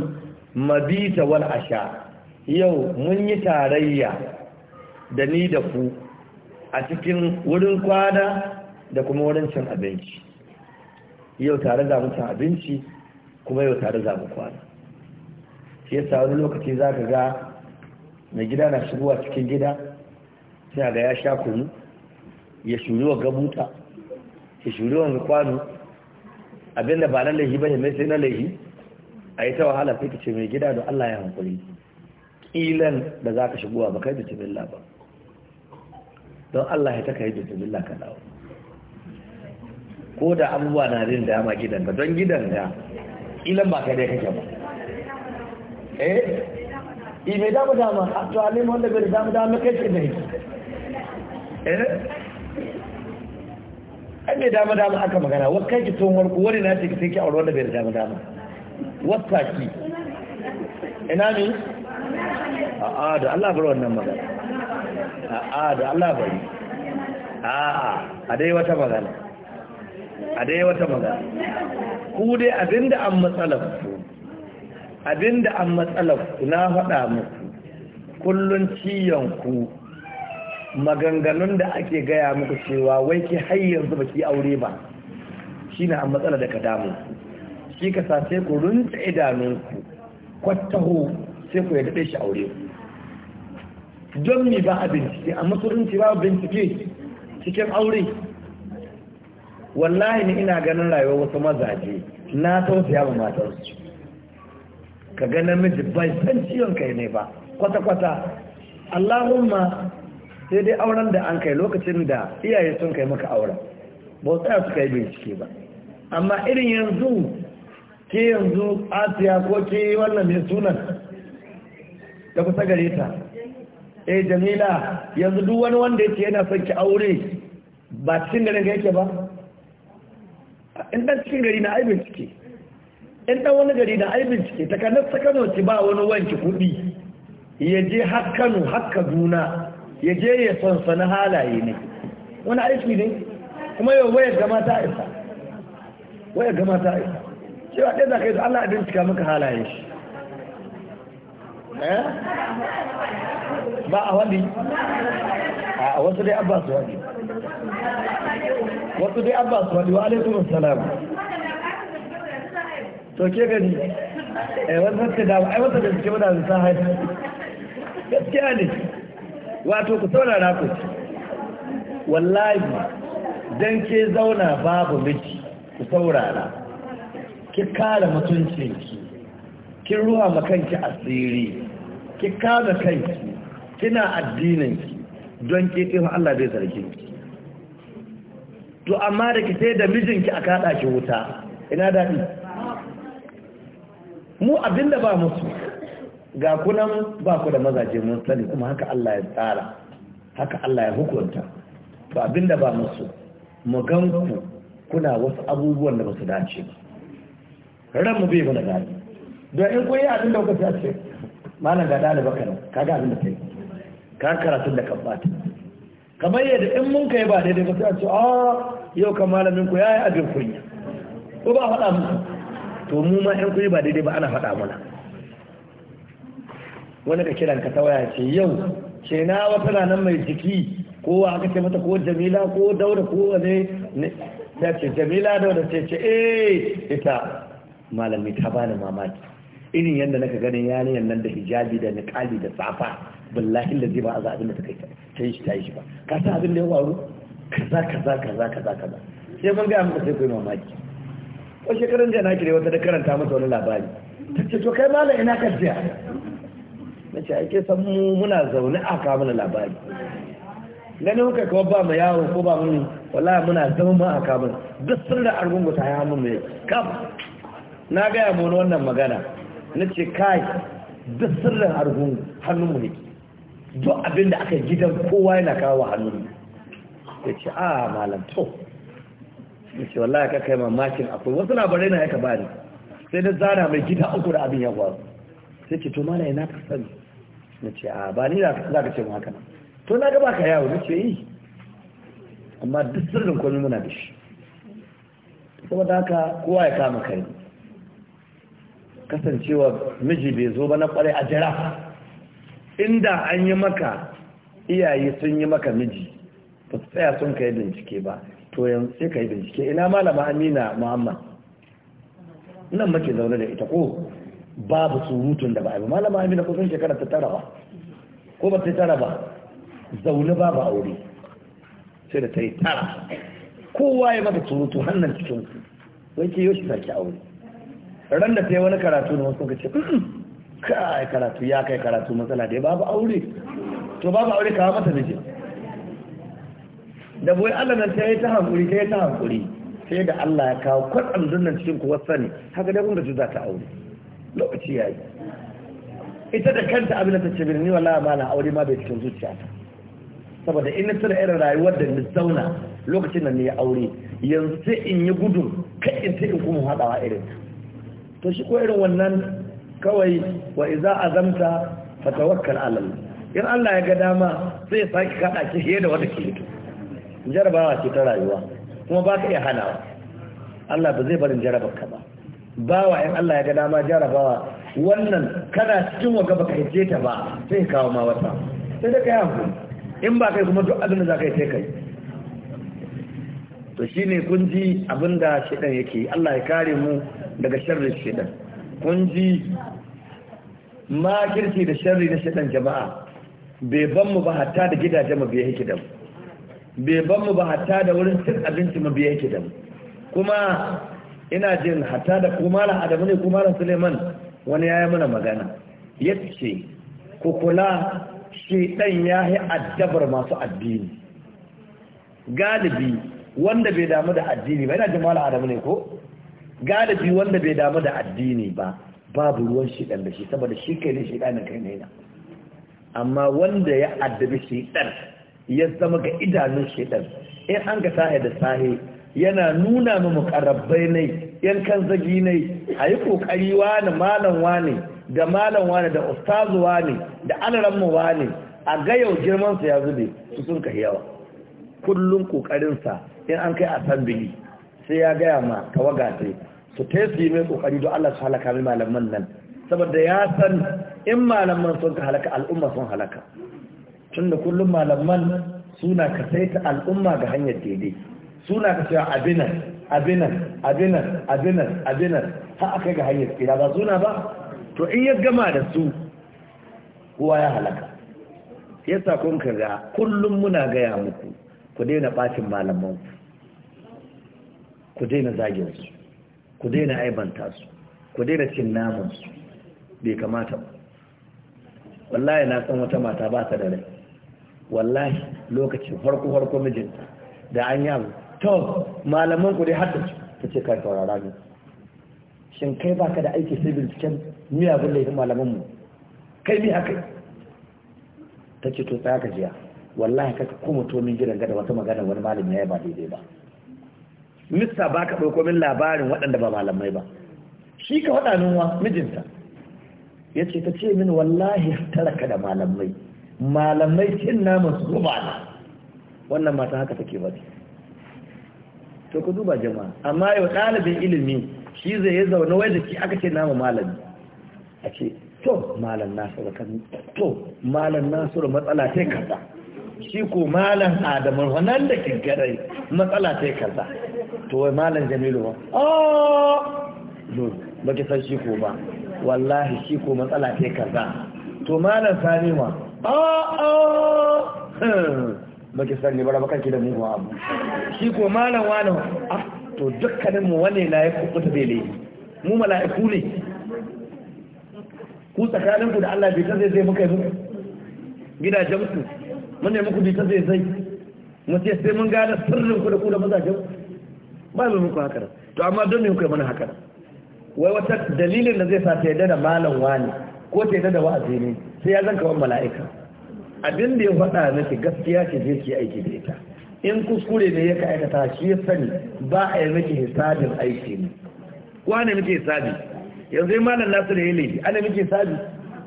mabita wal asha yau mun yi tarayya da ni da ku a cikin wurin kwana da kuma wurin cin abinci yau tare za mu cin abinci kuma yau tare za mu kwana shi yasa wani lokaci zaka ga mai gida na shigowa cikin gida sai ga ya sha kunu ya shuri wa gabuta ya shuri wa kwano abinda ba na laihi ba ne mai sai na laihi a yi ta wahala sai ka ce mai gida don Allah ya hankuri ƙilan da za ka shigowa ba kai da tumilla ba don Allah ya ta kai da tumilla ka dawo ko da abubuwa na rin dama gidanka don gidan da. ƙilan ba kai da kake ba eh i mai damu dama a to alim wanda bai damu dama kai ce dai eh an mai damu dama aka magana wa kai ki tun warku wani na ce ki sai ki aure wanda bai damu dama wata ki ina ne a'a da Allah bar wannan magana a'a da Allah bar a'a a dai wata magana a dai wata magana ku dai abinda an matsalar ku abinda an matsalar ku na faɗa muku kullun ciyanku ku maganganun da ake gaya muku cewa wai ki har yanzu baki aure ba shine an matsala da kadamu shi ka sa sai ku runta idanunku kwattaho sai ku yadda shi aure don mi ba a bincike a musulunci ba bincike cikin aure wallahi ne ina ganin rayuwar wasu mazaje na tausaya ba matarsu ka ga namiji bai san ciwon kai ne ba kwata-kwata allahumma sai dai auren da an kai lokacin da iyaye sun kai maka auren ba tsaya suka yi bincike ba amma irin yanzu ke yanzu asiya ko ke wannan mai sunan da kusa gare ta eh jamila yanzu duk wani wanda yake yana son ki aure ba cikin garin ga yake ba in dan cikin gari na aibin bincike in ɗan wani gari da ai bincike ta kanar ta kano ci ba wani wanki kuɗi ya je har kano har kaduna ya je ya sansani halaye ne wani aiki ne kuma yau waya gama ta isa waya gama ta isa cewa ɗaya za ka yi Allah abin bincika maka halaye shi eh? ba a wani a wasu dai abba su wani wasu dai abba su wani wa alaikumussalam to ke gani eh wannan ka da ai wata da ke wada da sai gaskiya ne wato ku saurara ku wallahi dan ke zauna babu miki ku saurara ki kare mutuncinki kin ruwa ma kanki asiri ki kare kanki kina addininki don ke kin Allah bai sarki to amma da ki sai da mijinki a kada ki wuta ina daɗi. mu abinda ba musu ga kunan ba ku da mazaje mun sani kuma haka Allah ya tsara haka Allah ya hukunta ba abinda ba musu mu gan ku kuna wasu abubuwan da ba su dace ba ran mu bai mu da gani don in kun yi abin da kuka ce malam ga ɗaliba kana kaga abin da kai ka karatun da kabbata bata kamar yadda in mun kai ba daidai ba sai a ce a ah, yau ka malamin ku yayi abin kunya ko ba faɗa musu. to mu ma yan kuɗi ba daidai ba ana faɗa mana wani ka kiran ka ta waya ce yau ce na wata ranar mai jiki ko aka ce mata ko jamila ko daura ko wane da ce jamila daura ce ce eh ita malami ta bani mamaki irin yadda naka ganin yanayin nan da hijabi da niƙali da safa billahi da zai ba a abin da ta kai ta yi shi ta yi shi ba ka sa abin da ya faru kaza kaza kaza kaza kaza sai mun ga muka sai kai mamaki ko shekaran jana na kire wata da karanta masa wani labari ta ce to kai malam ina ka jiya na ce ake san mu muna zaune a kawo mana labari gani kuka kawo ba mu yawo ko ba mu wallahi muna zama a kawo mana duk sun da argun gusa ya mu mai Ka na gaya mu wannan magana na ce kai duk sirrin hannun mu ne duk abin da aka gidan kowa yana kawo mu. ya ce a ah, malam to yace wallahi ka kai mamakin akwai wasu labarai na yaka bani sai na zana mai gida uku da abin ya faru sai ce to mana na ka sani ce a ba ni za ka ce mu haka to na ga baka yawo ce yi amma duk sirrin komai muna da shi saboda haka kowa ya kama kai kasancewa miji bai zo ba na kwarai a jira inda an yi maka iyaye sun yi maka miji ba su tsaya sun kai bincike ba to yanzu sai ka yi bincike ina malama amina muhammad nan muke zaune da ita ko babu surutun da ba a yi malama amina ko sun shekara ta tara ba ko ba ta tara ba zaune babu aure sai da ta yi tara kowa ya mata surutu hannun cikin ku wai ke yoshi sarki aure ran da ta yi wani karatu na wasu ka ce kai karatu ya kai karatu matsala dai babu aure to babu aure kawai mata mijin da boye Allah nan sai ta hankuri sai ta hankuri sai da Allah ya kawo kwatsam dunnan cikin ku sani. haka dai kun za ta aure lokaci yayi ita da kanta abin da ta ce ni wallahi ba na aure ma bai cikin zuciya ta saboda in na da irin rayuwar da ni zauna lokacin da ni ya aure yanzu sai in yi gudun kai in sai in kuma haɗawa irin ta. to shi ko irin wannan kawai wa iza azamta fatawakkal ala Allah in Allah ya ga dama sai ya saki kada ki fiye da wanda ke yi jarabawa ce ta rayuwa kuma ba ka iya hanawa Allah ba zai barin jarabar ka ba bawa in Allah ya ga dama jarabawa wannan kana cikin waga baka je ta ba sai kawo ma wata sai da kai hanku in ba kai kuma duk abin da za ka yi sai kai to shine kun ji abin da shedan yake Allah ya kare mu daga sharri shedan kun ji makirci da sharri na shedan jama'a bai ban mu ba hatta da gidajen mu bai yake da mu bai ban mu ba hatta da wurin cin abinci mu biya yake da mu kuma ina jin hatta da ko malam adamu ne ko suleiman wani ya yi mana magana ce ku kula shi dan yi addabar masu addini galibi wanda bai damu da addini ba ina jin malam adamu ne ko galibi wanda bai damu da addini ba babu ruwan shi dan da shi saboda shi kai ne shi kai ne kai ne amma wanda ya addabi shi dan ya zama ga idanun shaidan in an ga sahi da sahi yana nuna mu mukarrabai ne yan kan zagi ne a yi kokari wani malam wani da malam wani da ustazu wani da alarammu wani a ga yau su ya zube su sun kai yawa kullum sa in an kai assembly sai ya gaya ma waga sai su tesi mai kokari don Allah su halaka mai malaman nan saboda ya san in malaman sun ka halaka al'umma sun halaka tunda kullum malaman suna ka ta al'umma ga hanyar daidai suna ka cewa abinan abinan abinan abinan abinan har aka ga hanyar tsira ba suna ba to in ya gama da su kowa ya halaka sa kun ga kullum muna gaya muku ku daina bacin malaman ku daina zagin su ku daina aibanta su ku daina cin naman su bai kamata ba wallahi na san wata mata ba ta da rai wallahi lokacin farko farko mijinta da an yi abu to malaman ku dai haddace ta ce kai saurara ne shin kai baka da aiki sai binciken miyagun laifin malaman mu kai mi haka ta ce to tsaya ka jiya wallahi ka kuma to min gidan gada wata magana wani malami ya ba daidai ba mista ba ka ɗauko min labarin waɗanda ba malamai ba shi ka waɗannan wa mijinta ya ce ta ce min wallahi taraka da malamai malamai cin naman su ruba na wannan mata haka take ba to ku duba jama'a amma yau ɗalibin ilimi shi zai yi zaune wai da shi aka ce nama malami a ce to malam nasiru kan to malam nasiru matsala ta kaza shi ko malam adamu wannan da ke gare matsala ta kaza to wai malam jamilu ba oh ba ki san shi ko ba wallahi shi ko matsala ta kaza to malam sani ma ba ki sani ba ba ki da mugun abu shi ko malam wani ah, to dukkanin mu wane na ya kuɓuta bai laifi mu mala'iku ne ku tsakaninku da Allah bai ta zai zai muka yi muku gidajenku mun ne muku bai ta zai zai mu ce sai mun gane sirrin ku da ku da mazajen ba mu muku haka to amma don me kuka mana haka wai wata dalilin da zai sa ta yadda da malam wani ko ta yadda wa'azi ne sai ya zan kawar mala'ika abin da ya faɗa ke gaskiya ce zai ke aiki da ita in kuskure ne ya ka aikata shi ya sani ba a yi miki hisabin aiki ne kuwa ne miki hisabi yanzu yi malam nasu da ya laifi ana miki hisabi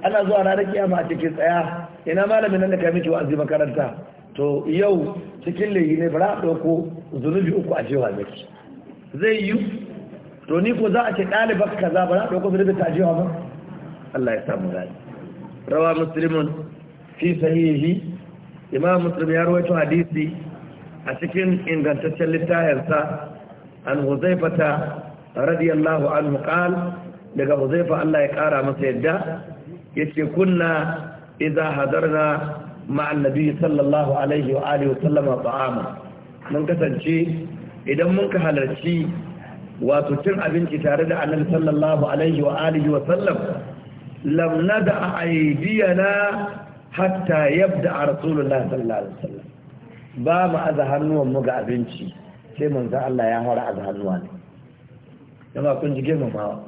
ana zuwa ranar kiyama a cikin tsaya ina malamin nan da ka miki wa'azi makaranta to yau cikin laifi ne fara ɗauko zunubi uku a cewa miki zai yi to ni ko za a ce ɗalibar kaza ba za a ɗauko zunubi ta jewa ba Allah ya samu rani rawa muslimun fi sahihi imam muslim ya rawaito hadisi a cikin ingantaccen littayarsa an huzaifata radiyallahu anhu qal daga huzaifa Allah ya kara masa yadda yace kunna idza hadarna ma'a sallallahu alaihi wa alihi wa sallama mun kasance idan mun ka halarci wato cin abinci tare da annabi sallallahu alaihi wa wa sallam Lamna da nada na hatta yadda rasulullah sallallahu alaihi wasallam ba mu aza hannuwan mu ga abinci sai manzo Allah ya fara aza hannuwa ne jama'a kun ji girmamawa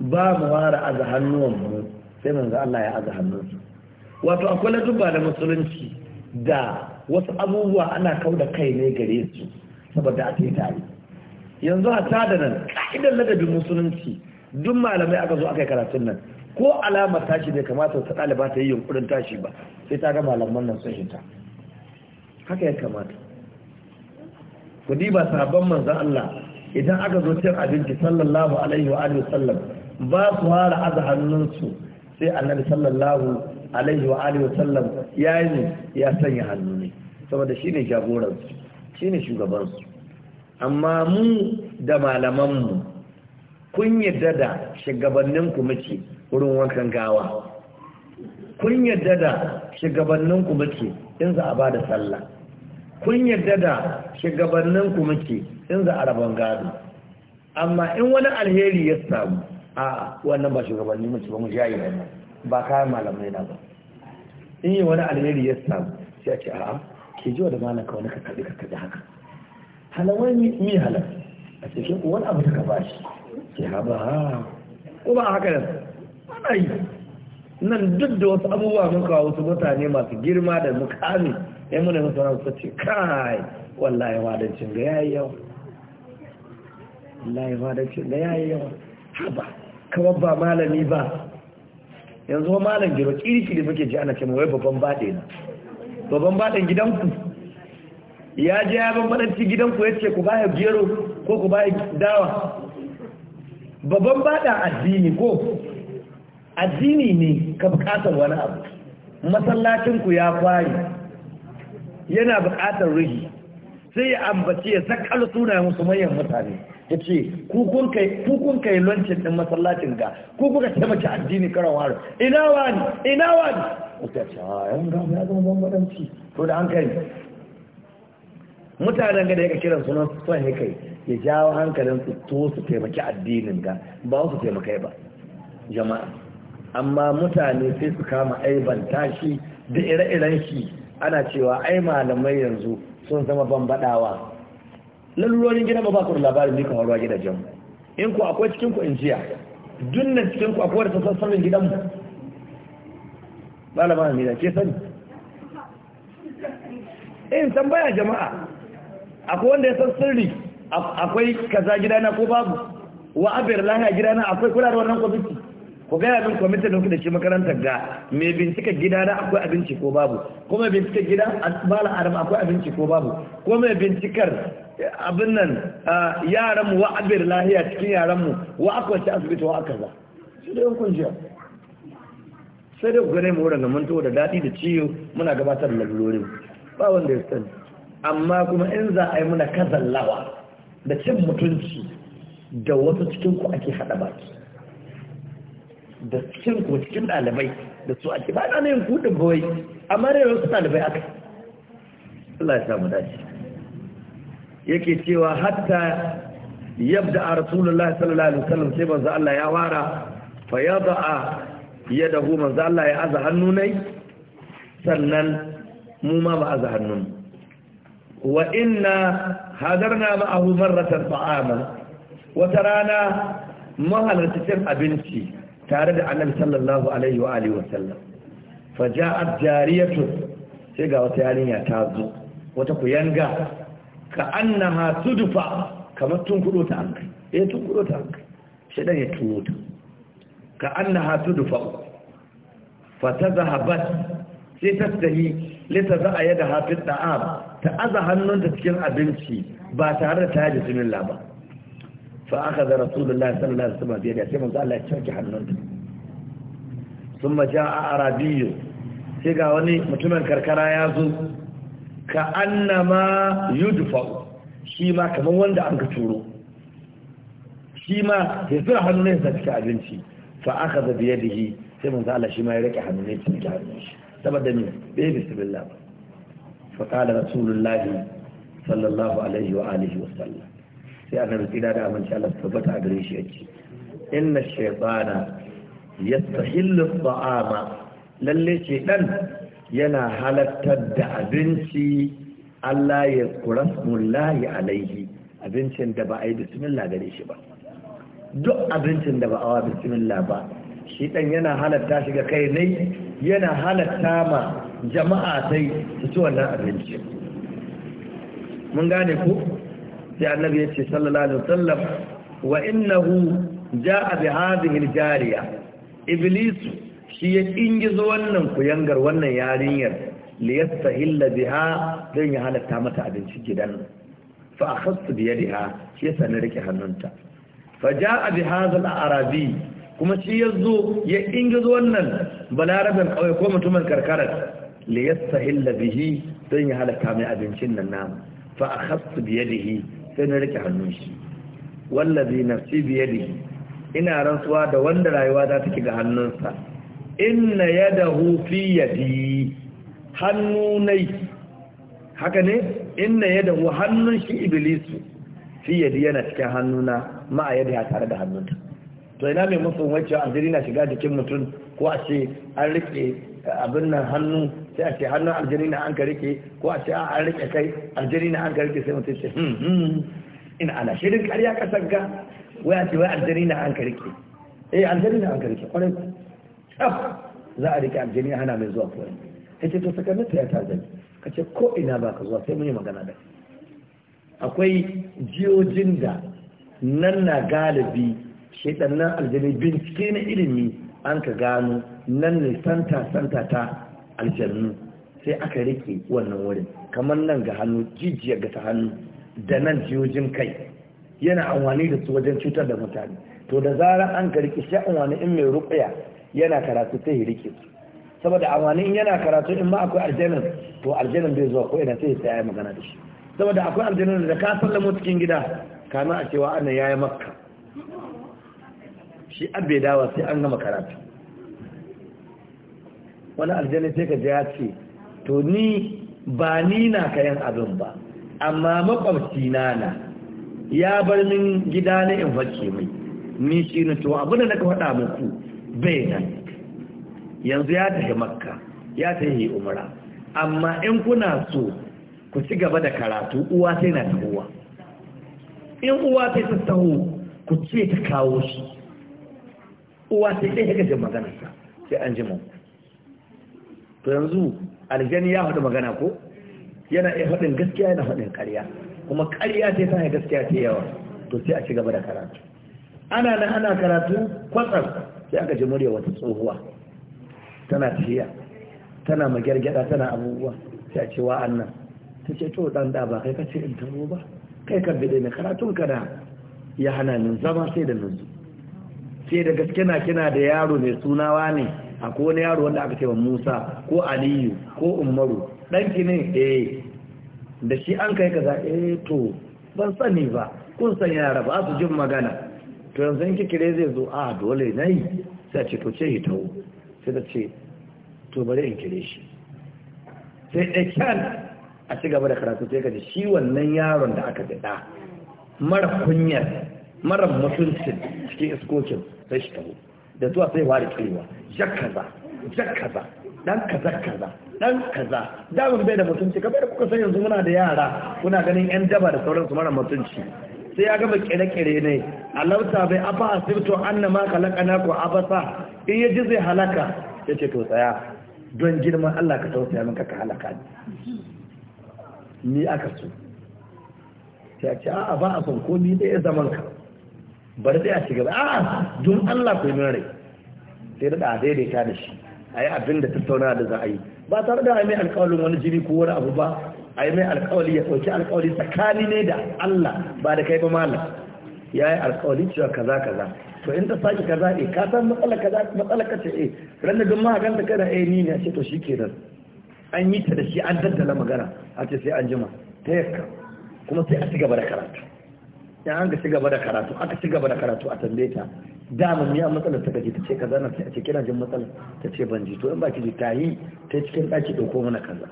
ba mu fara aza hannuwan mu sai manzo Allah ya aza hannu wato akwai laduba da musulunci da wasu abubuwa ana kauda kai ne gare su saboda a tare yanzu a tada nan ka'idar ladabin musulunci duk malamai aka zo aka yi karatun nan ko alamar tashi bai kamata ta ɗaliba ta yi yunkurin tashi ba sai ta ga malaman nan sun shinta haka ya kamata ku ba sabon manzan Allah idan aka zo cin abinci sallallahu alaihi wa alihi sallam ba su fara aza hannunsu sai annabi sallallahu alaihi wa alihi sallam ya yi ne ya sanya hannu ne saboda shi ne jagoransu shi ne shugabansu amma mu da malamanmu kun yadda da shugabannin mace wurin wankan gawa kun yadda da shugabannin mace in za a ba da sallah kun yadda da shugabannin mace in za a rabon gado amma in wani alheri ya samu a wannan ba shugabanni mace ba mu jayi ba ba kayan malamai na ba in yi wani alheri ya samu sai a ce a'a ke ji wa da ka wani ka kaɗi ka kaɗi haka halawai mi halar a cikin wani abu da ka bashi ke haba ko ba haka nan yi nan duk da wasu abubuwa mun kawo wasu mutane masu girma da mukami ya muna musu ran su ce kai wallahi wadancin ga yayi yawa wallahi wadancin ga yayi yawa haba kawai ba malami ba yanzu malam gero da muke ji ana ce mawai babban baɗe na babban baɗin gidanku ya je ya bambanci gidanku ya ce ku baya gero ko ku baya dawa babban bada addini ko addini ne ka bukatar wani abu masallacinku ya kwari yana bukatar ruhi sai ya ambace ya sakal suna musu manyan mutane ya ce kukun kai lancin ɗin masallacin ga kukuka taimaki addini karan wari ina wani ina wani wata ce a ah, yan gama ya zama bambadanci to da hankali mutanen ga da ya ka kiran sunan son ya kai ya jawo hankalin su to su taimaki addinin ga ba su taimakai ba jama'a amma mutane sai su kama aiban shi da ire-iren shi ana cewa ai malamai yanzu sun zama bambadawa lalurorin gina ba ba ku da labarin ne kamar ruwa gidajen in ku akwai cikin ku in jiya dunnan cikin ku akwai da sassan mu malama ne da ke sani in eh, tambaya jama'a akwai wanda ya san sirri akwai kaza gidana ko babu wa abir lahiya gidana akwai kula da wannan kwamiti ku gaya min kwamitin da kuke makarantar ga me bincika gidana akwai abinci ko babu ko mai bincika gida bala arab akwai abinci ko babu ko mai bincikar eh, abin nan yaran mu wa abir lahiya cikin yaran mu wa akwai ta asibiti wa akaza shi da yankun jiya sai dai ku gane mu wurin gamanto da daɗi da ciwo muna gabatar da lalurorin ba wanda ya sani amma kuma in za a yi muna kazan lawa da cin mutunci da wasu cikinku ake haɗa baki da cikinku cikin ɗalibai da su ake ba na yin kudin bawai amma da wasu ɗalibai aka Allah ya samu dace yake cewa hatta yabda a rasulullahi sallallahu alaihi wasallam sai manzo Allah ya wara fa yada'a yadahu manzo Allah ya aza hannunai sannan mu ma ba aza hannunmu wa inna hadarna ma'ahu marratan ta'ama wata rana cin abinci tare da annabi sallallahu alaihi wa alihi wasallam faja'at jariyatu sai ga wata yarinya ta zo wata ku yanga. ka annaha tudfa kamar tun kudo ta ankai eh tun kudo ta shi ɗan ya tuno ta ka annaha tudfa fa zahabat, sai tastahi litaza yadaha fi da'ab ta aza hannunta cikin abinci ba tare da ta yi bismillah ba fa aka da rasulullahi sallallahu alaihi wasallam biyar sai manzo Allah ya cike hannunta sun maja a arabiyyu sai ga wani mutumin karkara ya zo ka annama yudfa shi ma kaman wanda an ka turo shi ma ya zura hannun sa cikin abinci fa aka da yi sai manzo Allah shi ma ya rike hannun cikin hannun saboda ne bai bismillah ba faƙalar rasulullahi sallallahu alaihi wa wa sallam sai annabi tsira da amince Allah tabbata a gare shi yace inna shaytana yastahillu ta'ama lalle shaytan yana halartar da abinci Allah ya kurasmullahi alaihi abincin da ba'a yi bismillah gare shi ba duk abincin da ba a wa bismillah ba shi ɗan yana halatta shi ga kai ne yana halatta ma jama'a sai su ci wannan abinci mun gane ko sai annabi ya ce sallallahu alaihi wasallam wa innahu ja'a bi hadhihi al-jariya iblis shi ya ingizo wannan kuyangar wannan yarinyar li yastahilla biha dan ya halatta mata abinci gidan fa akhadtu bi yadiha shi ya sani rike hannunta fa ja'a bi hadha al-arabi kuma shi yazo ya ingizo wannan balarabin kauye ko mutumin karkarar li yastahilla don ya halaka mai abincin nan namu fa akhastu bi yadihi sai na rike hannun shi wallazi nafsi bi yadihi ina rantsuwa da wanda rayuwa za ta ga hannunsa inna yadahu fi yadi hannunai haka ne inna yadahu hannun shi iblisu fi yadi yana cikin hannuna ma a ya tare da hannunta to ina mai mafi wancan aljiri na shiga jikin mutum ko a ce an rike abin nan hannu sai a ce hannun aljani na an ka ko a ce an rike kai aljani na an ka sai mutum ce hmm, hmm, ina ana shirin karya kasar ga waya ce wai aljani na an ka eh aljani na an ka rike kwarai za a rike aljani hana mai zuwa kuwa ya ce to sakamin ta ya ta zai ka ce ko ina ba ka zuwa sai mun yi magana da akwai jiyojin da nan na galibi shaidannan aljani bincike na ilimi an ka gano nan ne santa santa ta aljannu sai aka rike wannan wurin kamar nan ga hannu jijiyar ga ta hannu da nan jiyojin kai yana amfani da su wajen cutar da mutane to da zarar an ka rike shi amfani in mai rukuya yana karatu sai ya rike su saboda amfani in yana karatu in ma akwai aljanan to aljanan bai zuwa ko ina sai ya yi magana da shi saboda akwai aljanan da ka sallama cikin gida kana a cewa ana yayi makka shi abbe dawa sai an gama karatu wani aljani sai ka ya ce to ni ba ni na kayan abin ba amma makwabci na na ya bar min gida na in fake mai ni shi ne to abin da na ka faɗa muku bai nan yanzu ya tafi makka ya tafi umara amma in kuna so ku ci gaba da karatu uwa sai na tahowa in uwa sai ta taho ku ce ta kawo shi uwa sai ɗaya ga jin maganarsa sai an ji to yanzu aljani ya faɗi magana ko yana iya haɗin gaskiya yana haɗin ƙarya kuma ƙarya ta yi gaskiya ta yawa to sai a ci gaba da karatu ana nan ana karatu kwatsam sai aka ji murya wata tsohuwa tana tafiya tana magyargyada tana abubuwa sai a ce wa'an nan ta ce to dan da ba kai ka ce in taro ba kai ka bide ne karatun ka na? ya hana min zama sai da nan sai da gaske na kina da yaro mai sunawa ne akwai wani yaro wanda aka ce wa Musa ko Aliyu ko Umaru danki ne eh da shi an kai kaza eh to ban sani ba kun san yara ba su jin magana to yanzu in kike zai zo ah, a dole nai? sai ce to ce sai ta ce to bare in kire shi sai da kyan a ci gaba da karatu sai ka ji shi wannan yaron da aka daɗa mara kunyar mara mutuncin cikin iskokin sai shi tabo da zuwa sai ware kirewa jakaza jakkaza dan kaza kaza dan kaza mun bai da mutunci kamar kuka san yanzu muna da yara kuna ganin yan daba da sauran su mara mutunci sai ya gama kere-kere ne alauta bai afa asibto annama kalakana ko abasa in ya ji zai halaka ya ce to tsaya don girman Allah ka tausaya min ka halaka ni ni aka so ta ce a'a ba a son komi ɗaya zaman ka bar sai a ci gaba a'a don Allah ku yi rai sai da daidaita da shi a yi abin da tattauna da za a yi ba tare da mai alkawalin wani jini ko wani abu ba a yi mai alkawali ya sauki alkawali tsakani ne da Allah ba da kai ba malam ya yi alkawali cewa kaza kaza to in ta sake kaza eh ka san matsala kaza matsala ka ce eh ranar don ma ganta kana eh ni ne ce to shikenan an yi ta da shi an daddala magana a ce sai an jima ta yakka kuma sai a ci gaba da karatu in an ci gaba da karatu aka ci gaba da karatu a tambaye ta dama ni matsalar ta gaji ta ce kaza na sai a ce kina jin matsalar ta ce ban ji to in ba ki ji tayi ta cikin daki dauko mana kaza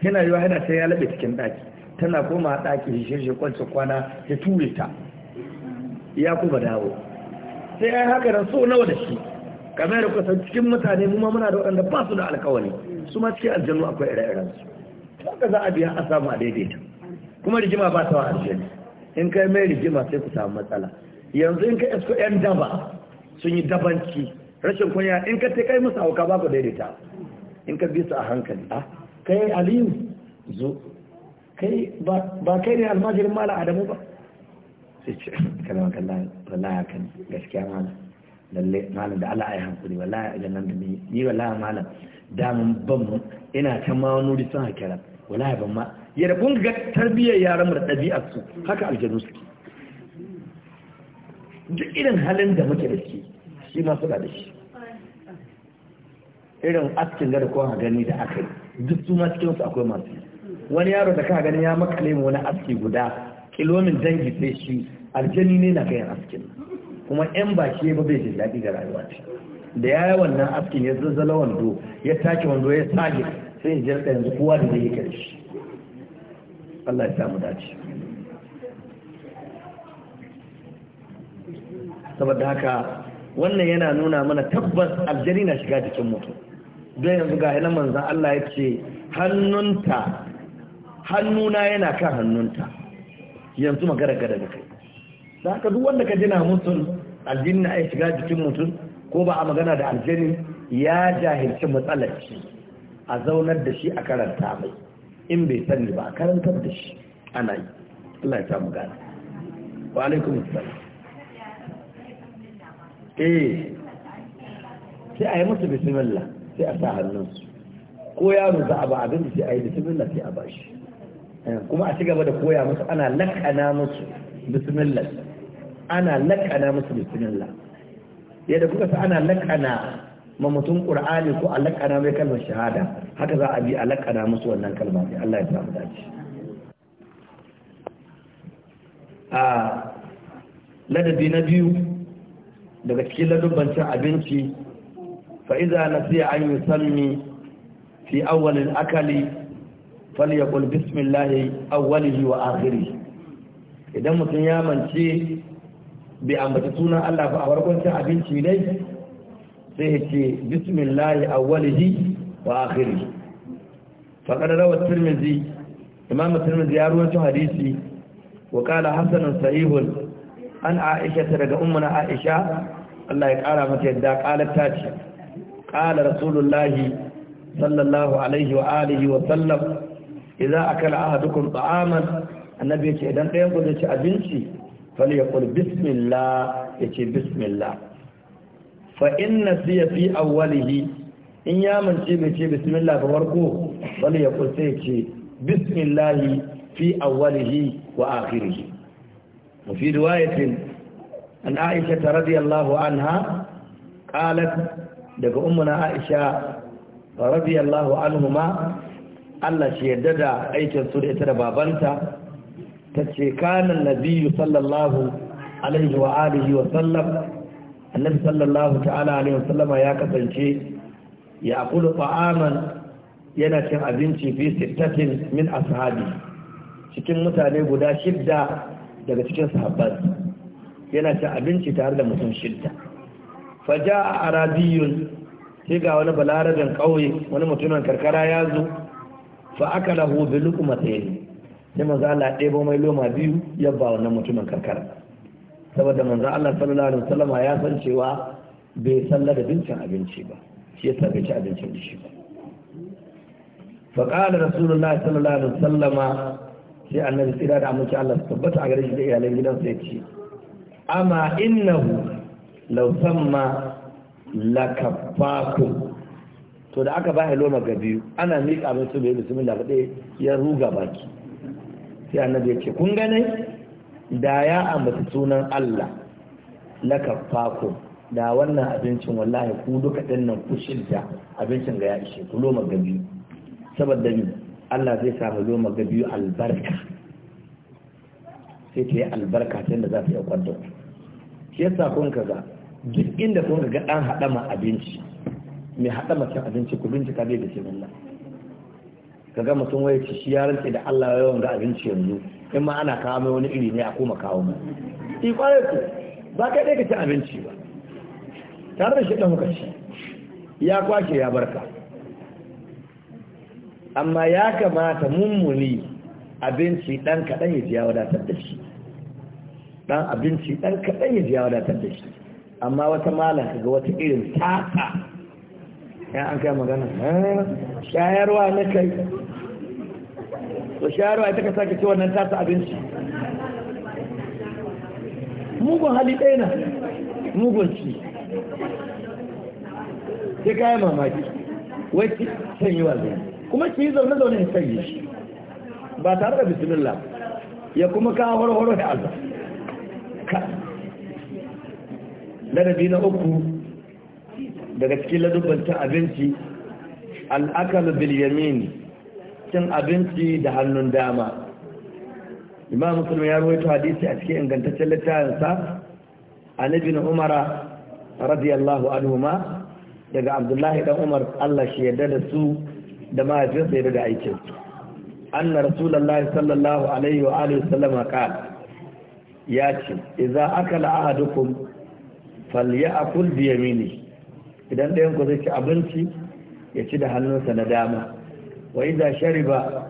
yana yiwa yana sai ya labe cikin daki tana koma daki shi kwance kwana ya ture ta ya kuma dawo sai ai haka nan so nawa da shi kamar da kusan cikin mutane mu ma muna da waɗanda ba su da alƙawari su ma cikin aljannu akwai ire-iren su haka za a biya a samu a daidaita kuma rigima ba ta wa aljannu in kai mai rigima sai ku samu matsala yanzu in ka isko yan daba sun yi dabanci rashin kunya in ka ta kai musu hauka ba ku daidaita in ka bi su a hankali a ah, kai aliyu zo kai ba kai ne almajirin mala adamu ba sai ce kalama kallon ya kan gaskiya malam lalle malam da Allah ya hankuri wallahi a jannan da ni wallahi malam damun ban ina ta ma wani wuri sun hakira wallahi ban ma ya da kun ga tarbiyyar yaran mara da ɗabi'ar su haka aljanu suke duk irin halin da muke da shi shi masu da shi irin askin da kowa gani da aka yi duk su ma cikin su akwai masu wani yaro da ka gani ya makale mu wani aski guda kilomin dangi sai shi aljani ne na kayan askin kuma yan ba shi ba bai jin daɗi ga rayuwa ce da ya yi wannan askin ya zazzala wando ya take wando ya sage sai ya jirka yanzu kowa da zai yi shi Allah ya samu dace saboda haka wannan yana nuna mana tabbas aljani na shiga jikin mutum don yanzu ga yana manzan Allah ya ce hannunta hannuna yana kan hannunta yanzu magana gada da kai da haka duk wanda ka jina mutum aljini na ya shiga jikin mutum ko ba a magana da aljani ya jahilci matsalar shi a zaunar da shi a karanta mai in bai sani ba a karantar da shi ana yi Allah ya samu gani wa alaikum salam eh sai a yi musu bismillah sai a sa hannunsu ko yaro za a ba abin da sai a yi bismillah sai a ba shi eh, kuma a ci gaba da koya musu ana lakana musu bismillah ana lakana musu bismillah yadda kuka sa ana lakana ma mutum qur'ani ko alakana mai kalmar shahada haka za a bi alakana musu wannan kalma sai Allah ya samu dace a ladabi na biyu daga cikin ladubbancin abinci fa iza nasiya an yusammi fi awwalil akali falyaqul bismillah awwalihi wa akhirih idan mutum ya mance bai ambaci sunan Allah ba a farkon cin abinci ne sai ya ce bismillahi awwalihi wa akhiri faqad rawa tirmidhi imam tirmidhi ya rawaito hadisi wa qala hasanun sahihun an aisha ta daga ummuna aisha Allah ya kara mata yadda qalat ta ce qala rasulullahi sallallahu alaihi wa alihi wa sallam idza akala ahadukum ta'aman annabi ya ce idan ɗayan ku zai ci abinci fal yaqul bismillah ya ce bismillah fa in nasiya fi awwalihi in ya mance bai ce bismillah farko wani ya kusa ce bismillah fi awwalihi wa akhirih wa fi riwayatin an aisha radiyallahu anha qalat daga ummuna aisha radiyallahu anhuma Allah shi yadda da aikin su da ita da babanta tace kanan nabiyyu sallallahu alaihi wa alihi wa sallam annabi sallallahu ta'ala alaihi wasallama ya kasance ya akulu ta'aman yana cin abinci fi sittatin min ashabi cikin mutane guda shidda daga cikin sahabbai yana cin abinci tare da mutum shidda faja a arabiyun sai ga wani balarabin kauye wani mutumin karkara ya zo fa aka lahu bi luqmatayn sai maza Allah mai loma biyu ya ba wannan mutumin karkara saboda manzo Allah sallallahu alaihi wasallam ya san cewa bai sallar da bincin abinci ba shi yasa bai ci abincin da shi ba fa qala rasulullahi sallallahu alaihi wasallam sai annabi sai da amince Allah su tabbata a gare shi da iyalan gidan ya ce amma innahu law samma lakafaku to da aka ba loma ga biyu ana miƙa mai su bai bismillah ba ya ruga baki sai annabi ya ce kun ganai. da ya ambata sunan Allah lakaffaku da wannan abincin wallahi ku duka dinnan ku shirya abincin ga ya ishe ku loma gabi saboda ni Allah zai samu loma biyu albarka sai ta yi albarka ta yadda za ta yi kwadda shi yasa kun kaga duk inda kun ga dan haɗama abinci mai haɗama cin abinci ku bincika bai da shi Allah kaga mutum waye ci shi ya rantse da Allah yawan ga abinci yanzu in ma ana kawo mai wani iri ne a koma kawo mai ikwarar su ba kai ɗaya ka ci abinci ba tare da shi ɗan hukaci ya kwashe ya barka amma ya kamata mummuni abinci ɗan kaɗan ya ji ya wadatar da shi ɗan abinci ɗan kaɗan ya ji ya wadatar da shi amma wata malam ga wata irin tata ya an kai magana ah, shayarwa na kai to shayarwa ita ka sake ce wannan tasa abinci mugun hali ɗaya na mugun ci sai kayan mamaki wai ki sanyi wa zai kuma ki yi zaune zaune ya sanyi shi ba tare da bisimillah ya kuma kawo horo-horo da Allah ka ladabi na uku daga cikin ladubban abinci al'akalu bil yamini cin abinci da hannun dama imam musulmi ya ruwaito hadisi a cikin ingantaccen littafinsa annabi na Umar radiyallahu anhu ma daga abdullahi dan umar Allah shi yarda da su da mahaifinsa sai da aikin anna rasulullahi sallallahu alaihi wa alihi sallama qala ya ce idza akala ahadukum falyakul bi yamini idan ɗayan ku zai ci abinci ya ci da hannunsa na dama wa idza shariba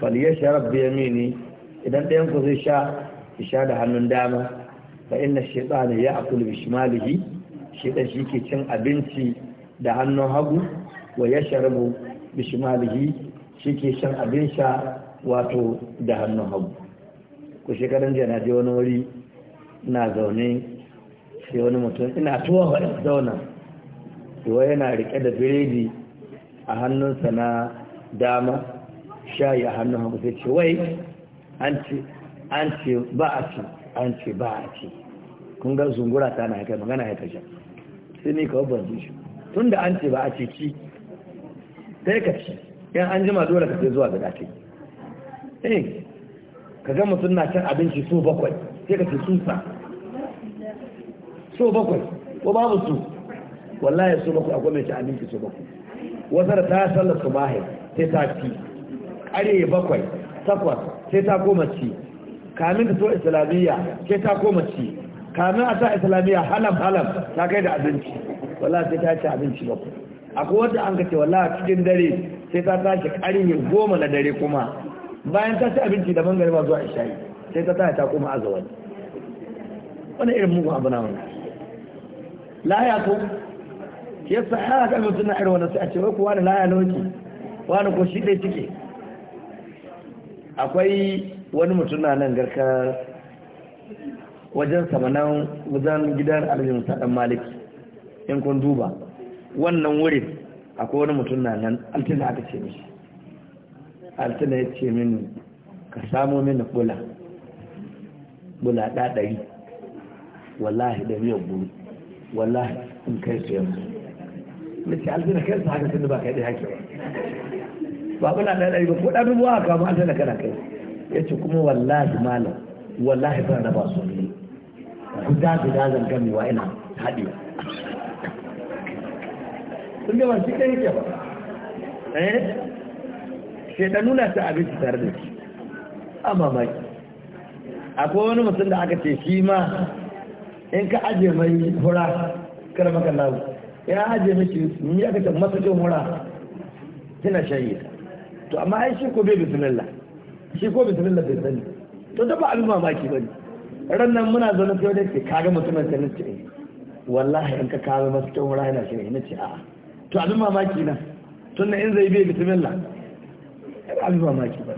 falyashrab bi yamini idan ɗayan ku zai sha ki sha da hannun dama fa inna shaytana ya'kulu bi shimalihi shaytan shi ke cin abinci da hannun hagu wa yashrabu bi shimalihi shi ke shan abin sha wato da hannun hagu ku shekaran jiya na je wani wuri na zaune sai wani mutum ina tuwa wani zauna kuwa yana rike da biredi a hannunsa na dama shayi a hannun hagu sai ce wai an ce ba a ce an ce ba a ce kun ga zungura ta na haifar magana haka shi sai ni kawo wabban shi tun da an ce ba a ce ci sai ka ci yan an jima dole ka sai zuwa ga dace eh ka ga mutum na cin abinci so bakwai sai ka ci sunsa so bakwai ko babu su wallahi so bakwai akwai mai cin abinci so bakwai wasu da ta sallar su bahaif sai ta ci ƙarye bakwai takwas sai ta koma ci kamin ta so islamiyya sai ta koma ci kamin a sa islamiyya halam halam ta kai da abinci wala sai ta ci abinci bakwai akwai wata an kace wala cikin dare sai ta tashi ƙarye goma na dare kuma bayan ta ci abinci da bangare ba zuwa isha'i sai ta tashi ta koma azawani wani irin mugun abu na wani la ya ko yasa ya ga mutum na irin wannan sai a ce wai kuwa da la ya lauki wani ko shi ɗai cike akwai wani mutum na nan garka wajen samanan wajen gidan aljihun sadan maliki in kun duba wannan wurin akwai wani mutum na nan altina aka ce mishi altina ya ce mini ka samo mini bula bula ɗaɗari wallahi da miyar buru wallahi in kai su yanzu mace altina kai su haka sun ba kai ɗaya hake ba ba kuna da ɗari ba ko ɗan ruwa a kama an talaka na kai ya ce kuma wallahi malam wallahi fara da ba su ne guda guda zan wa ina haɗi. sun gaba shi kai ke ba eh da nuna ta abinci tare da shi a mamaki akwai wani mutum da aka ce shi ma in ka ajiye mai hura kar maka lagu ya ajiye miki ni aka ce masa cin hura suna shayi to amma ai shi ko bai bismillah shi ko bismillah bai sani to da ba abin mamaki bane ran nan muna zaune sai wani ce kaga mutumin ka nace wallahi in ka kawo masa kyau mura yana shi nace a'a to abin mamaki na tun in zai bai bismillah abin mamaki ba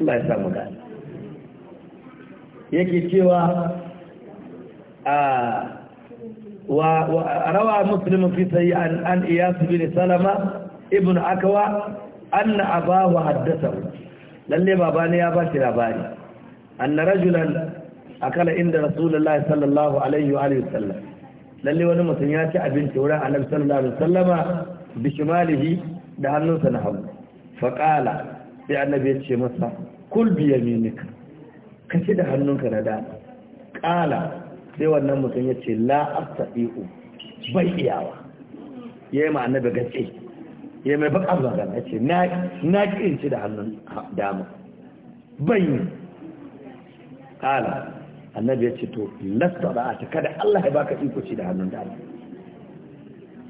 Allah ya samu gani yake cewa a rawa muslimin fi sayi an iyas bin salama ibn akawa anna abahu haddathahu lalle ne ya bashi labari anna rajulan akala inda rasulullahi sallallahu alaihi wa alihi wasallam lalle wani mutum ya ci abinci wurin annabi sallallahu alaihi wasallama bi shimalihi da hannunsa na hagu fa qala sai annabi ya ce masa kul bi yaminika ka ci da hannunka na dama qala sai wannan mutum ya ce la astati'u bai iyawa yayi ma annabi gace ya mai baka magana ya ce na ƙinci da hannun dama bayin ƙala annabi ya ce to lasta ba a ta kada Allah ya baka iko ci da hannun dama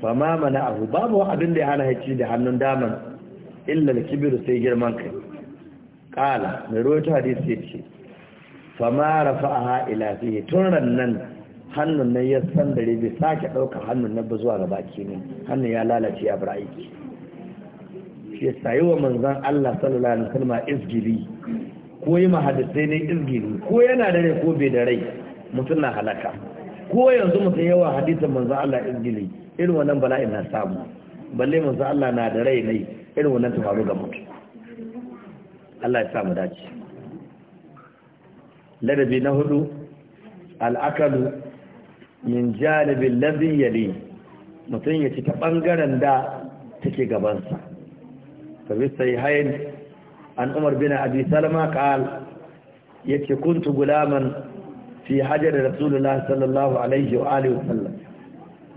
fa ma mana abu babu abin da ya hana haici da hannun dama illa da kibiru sai girman kai ƙala mai rawaito hadisi ya ce fa ma rafa'aha ila fiye tun nan hannun nan ya sandare bai sake ɗaukar hannun nan ba zuwa ga baki ne hannun ya lalace a bar aiki shi sai wa manzan Allah sallallahu alaihi wasallam izgili ko yi mahadisai ne izgili ko yana da rai ko bai da rai mutum na halaka ko yanzu mutum yawa hadisin manzan Allah izgili irin wannan bala'in na samu balle manzan Allah na da rai ne irin wannan ta faru ga mutum Allah ya samu dace ladabi na hudu al'akalu min janibin ladin yali mutum ya ci ta bangaren da take gabansa ففي الصحيحين عن عمر بن أبي سلمة قال يتي كنت غلاما في حجر رسول الله صلى الله عليه وآله وسلم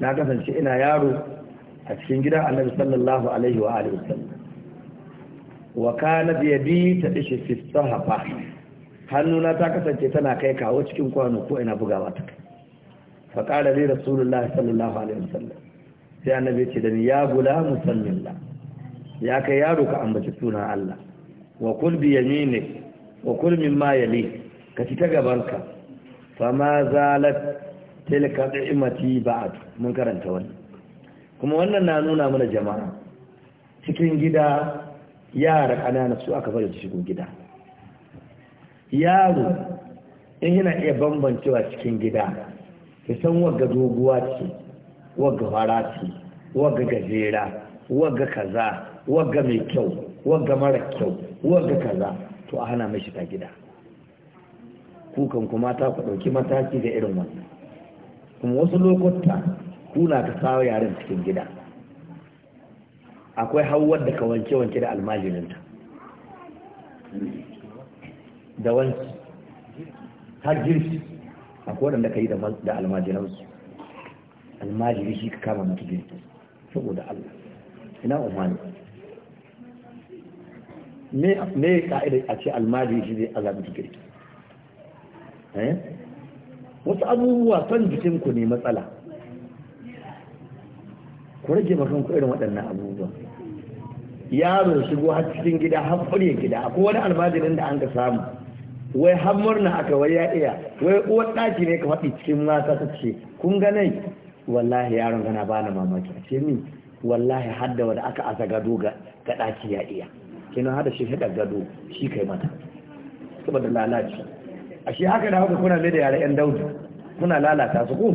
na kasance ina yaro a cikin gidan annabi sallallahu alaihi wa alihi wasallam wa kana ta dishi fi sahafa hannuna ta kasance tana kai kawo cikin kwano ko ina bugawa ta fa qala li rasulullahi sallallahu alaihi da ni ya gulamu sallallahu ya kai yaro ka ambaci sunan Allah wa kul bi yaminik wa kul mimma yali ka ci ta gabanka fa ma zalat tilka ni'mati ba'd mun karanta wannan kuma wannan na nuna mana jama'a cikin gida yara kanana su aka bari shigo gida yaro in yana iya bambancewa cikin gida ya san wagga doguwa ce wagga fara ce wagga gajera wagga kaza wagga mai kyau wagga mara kyau wagga kaza to a hana mai shiga gida kukan kuma ta ku ɗauki mataki da irin wannan kuma wasu lokuta kuna ta kawo yaren cikin gida akwai hauwar da ka wanke-wanke da almajirinta da wanki har girki akwai waɗanda ka yi da almajiransu almajiri shi ka kama mutu girki saboda Allah ina umarni me me ka'ida a ce almajiri shi zai azabi jikin eh wasu abubuwa son jikin ku ne matsala ku rage ma kan irin waɗannan abubuwa yaro shigo har cikin gida har fure gida akwai wani almajirin da an ka samu wai har murna aka wai ya iya wai uwar ɗaki ne ka faɗi cikin mata ta ce kun ga wallahi yaron kana bani mamaki a ce min wallahi hadda wanda aka asa gado ga ɗaki ya iya kenan hada shi hada gado shi kai mata saboda lalaci a shi haka da haka kuna ne da yare yan daudi kuna lalata su ko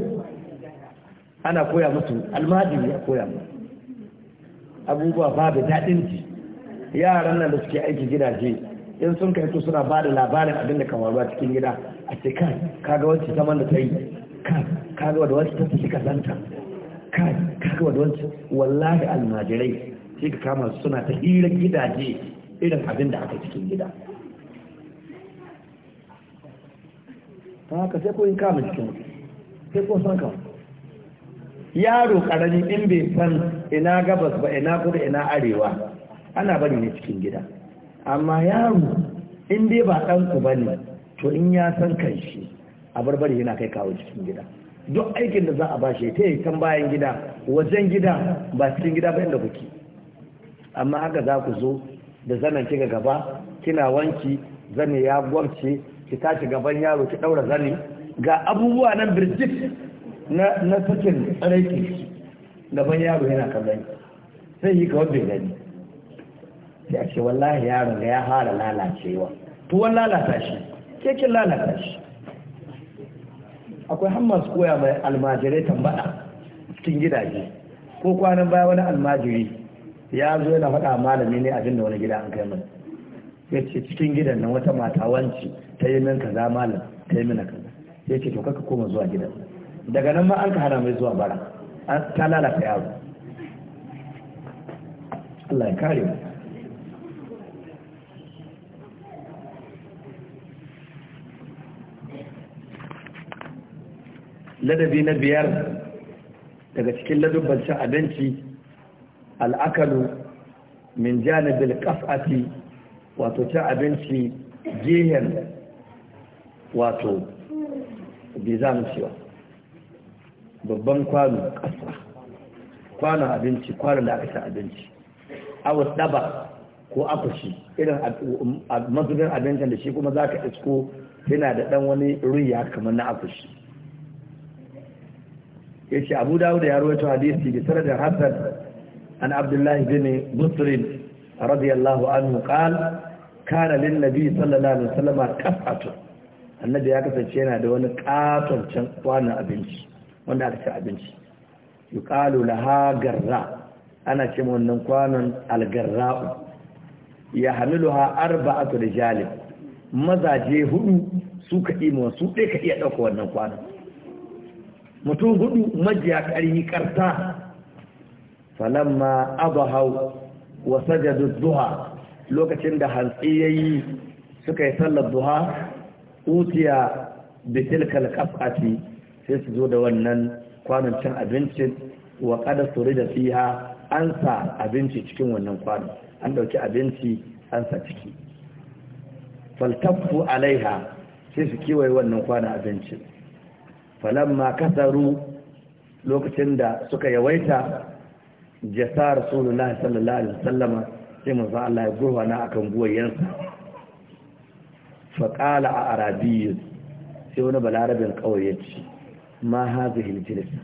ana koya musu almajiri ya koya musu abubuwa babu daɗin ji yaran nan da suke aiki gidaje in sun kai to suna ba da labarin abin da kamar cikin gida a ce kai kaga wacce zaman da ta yi kai kaga wadda wacce ta fi kazanta kai kaga wadda wacce wallahi almajirai sai ka kama su suna ta hira gidaje irin abin da aka cikin gida ta haka sai ko in kama cikin sai ko san kama yaro karami in bai san ina gabas ba ina kudu ina arewa ana bari ne cikin gida amma yaro in dai ba ɗanku ba ne to in ya san kan shi a barbari yana kai kawo cikin gida duk aikin da za a bashi ta yi can bayan gida wajen gida ba cikin gida ba inda kuke amma haka za ku zo da zanen ki ga gaba kina wanki zane ya gwamce ki tashi gaban yaro ki daura zane ga abubuwa nan birjit na na sakin tsaraiki gaban yaro yana kallon sai yi kawai bai gani sai a ce wallahi yaron ga ya fara lalacewa tuwon lalata shi kekin lalata shi akwai hamma su koya mai almajirai tambada cikin gidaje ko kwanan baya wani almajiri ya zo yana faɗa malami ne abin da wani gida an kai mana ya ce cikin gidan nan wata mata wanci ta yi min kaza malam ta yi mina kaza ya ce to kaka koma zuwa gidan daga nan ma an ka hana mai zuwa bara ta lalata yaro Allah ya kare ladabi na biyar daga cikin ladubbancin abinci al'akalu min janibin ƙaf'afi wato ta abinci gehen wato bizan babban kwano ƙasa kwano abinci kwano da aka ci abinci awas daba ko akushi irin um, mazubin abincin da shi kuma za ka isko yana da ɗan wani riya kamar na akushi ya ce abu yaro ya rawaito hadisi da sarar da hassan عن عبد الله بن بصر رضي الله عنه قال كان للنبي صلى الله عليه وسلم قطعه Annabi ya kasance yana da wani katon can kwana abinci wanda aka ci abinci yuqalu laha garra ana ce wannan kwanon algarra'u ya hamiluha arba'atu rijalin mazaje hudu su ka ima su ɗaya ka iya ɗauka wannan kwanon mutum hudu majiya ƙarfi karta falamma abahau wa sajadu lokacin da hantsi yayi suka yi sallar duha utiya bi tilkal sai su zo da wannan kwanon cin abincin wa qad surida fiha an sa abinci cikin wannan kwanon an dauki abinci an sa ciki Faltafu alaiha sai su kiwaye wannan kwanon abincin falamma kasaru lokacin da suka yawaita jasa rasulullah sallallahu alaihi wasallam sai manzo Allah ya na akan guwayensa fa qala a arabiyyi sai wani balarabin kawai yace ma hadhihi aljalsa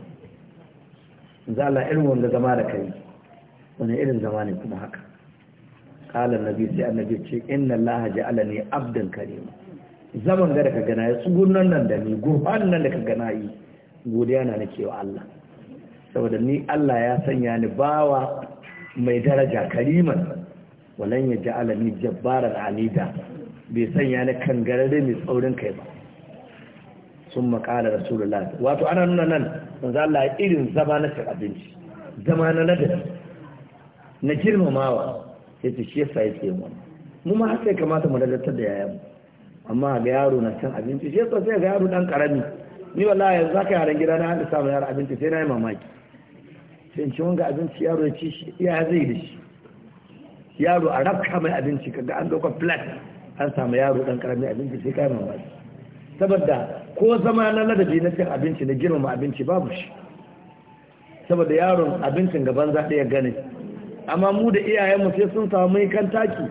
manzo Allah irin wanda zama da kai wani irin zama ne kuma haka qala annabi sai annabi ce inna allaha ja'alani abdan karima zaman gare da ka gana ya tsugunan nan da ni gurfanin nan da ka gana yi godiya na nake wa Allah saboda ni Allah ya sanya ni bawa mai daraja kariman walan ya ji ni jabbaran alida bai sanya ni kangarare mai tsaurin kai ba sun makala rasulullah wato ana nuna nan manzo Allah irin zama na cin abinci zama na ladabi na girmamawa sai ta shi yasa yake mu mu ma haka kamata mu ladatar da yayan amma ga yaro na cin abinci shi yasa sai ga yaro dan karami ni wallahi yanzu zaka yaran gida na hada samu yaran abinci sai na yi mamaki sai wanga abinci yaro ya ci shi ya zai da shi yaro a rafka mai abinci kaga an dauka flat an samu yaro dan karamin abinci sai kai mamba saboda ko zama na ladabi na cin abinci na girmama abinci babu shi saboda yaron abincin gaban za ya gane amma mu da iyayenmu sai sun samu mai kan taki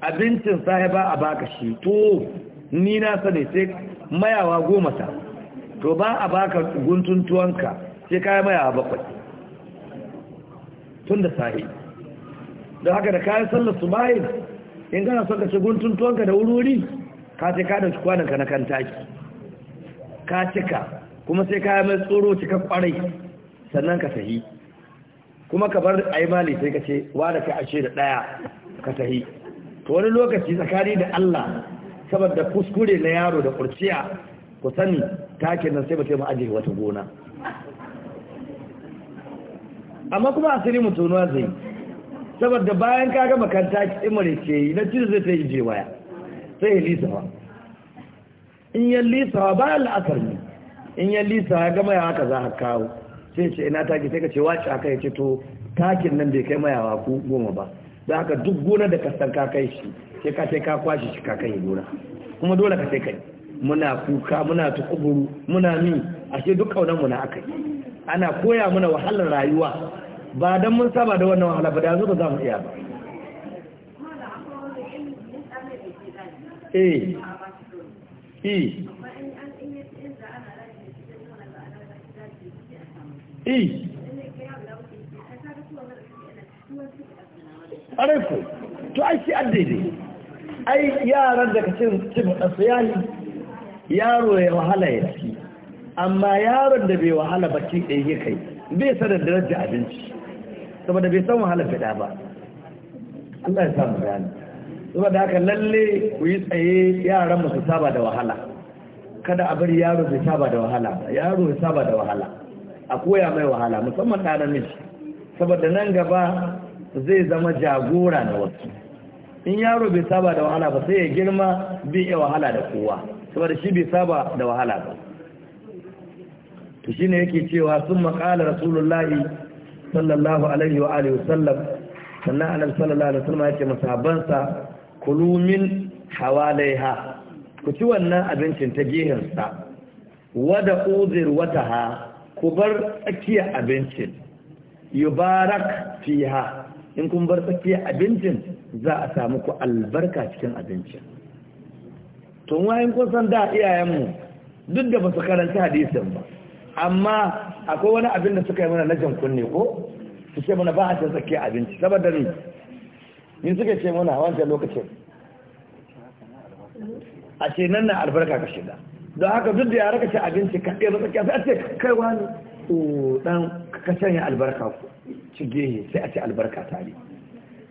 abincin sahi ba a baka shi to ni na sani sai mayawa goma ta to ba a baka guntun tuwanka sai kai mayawa bakwai tun da sahi don haka da kayan sallar su bayan in gana son ka ci guntun tuwanka da wuri ka ce ka dauki kwananka na kan taki ka cika kuma sai kaya mai tsoro cika kwarai sannan ka sahi kuma ka bar a yi sai ka ce wa da kai ashe da ɗaya ka sahi to wani lokaci tsakani da Allah saboda kuskure na yaro da kurciya ku sani takin nan sai ba ta yi ma'ajiye wata gona amma kuma asiri mutunuwa zai saboda bayan ka gama kanta imare ke yi na cizo zai ta yi je waya sai ya lisawa in ya lisawa bayan la'asar ne in ya lisawa gama ya haka za a kawo sai ce ina taki sai ka ce wace aka yi ce takin nan bai kai mayawa ku goma ba da haka duk gona da kasan ka kai shi sai ka sai ka kwashe shi ka kai gona kuma dole ka sai kai muna kuka muna tukuburu muna mi ashe duk kaunan mu na akai ana koya mana wahalar rayuwa ba don mun saba da wannan wahala ba da yanzu ba za mu iya ba eh eh eh ƙarfi to ai shi an daidai ai yaran da ka cin ɗansu yi, yaro ya wahala ya ci amma yaron da bai wahala ba cin ɗaya ya kai bai sanar rajin abinci saboda bai san wahalar fita ba Allah ya samu bayani saboda haka lalle ku yi tsaye yaran mu su saba da wahala kada a bari yaro bai saba da wahala yaro ya saba da wahala a koya mai wahala musamman ɗan namiji saboda nan gaba zai zama jagora na wasu in yaro bai saba da wahala ba sai ya girma bai iya wahala da kowa saboda shi bai saba da wahala ba to shine yake cewa sun maƙala rasulullahi sallallahu alaihi wa alihi wasallam sannan annabi sallallahu alaihi wasallam yake masabansa kulu min hawalaiha ku ci wannan abincin ta sa wada uzir wataha ku bar tsakiya abincin yubarak fiha in kun bar tsakiya abincin za a samu ku albarka cikin abincin tun wayan kun san da iyayenmu duk da ba su karanta hadisin ba amma akwai wani abin da suka yi mana na kunne ko su ce mana ba a can tsakiyar abinci saboda ne yin suka ce mana wancan lokacin a ce nan na albarka ka shiga don haka duk da ya raka ce abinci ka ɗaya tsakiya sai a ce kai wani ɗan ka sanya albarka ku ci gehe sai a ce albarka tare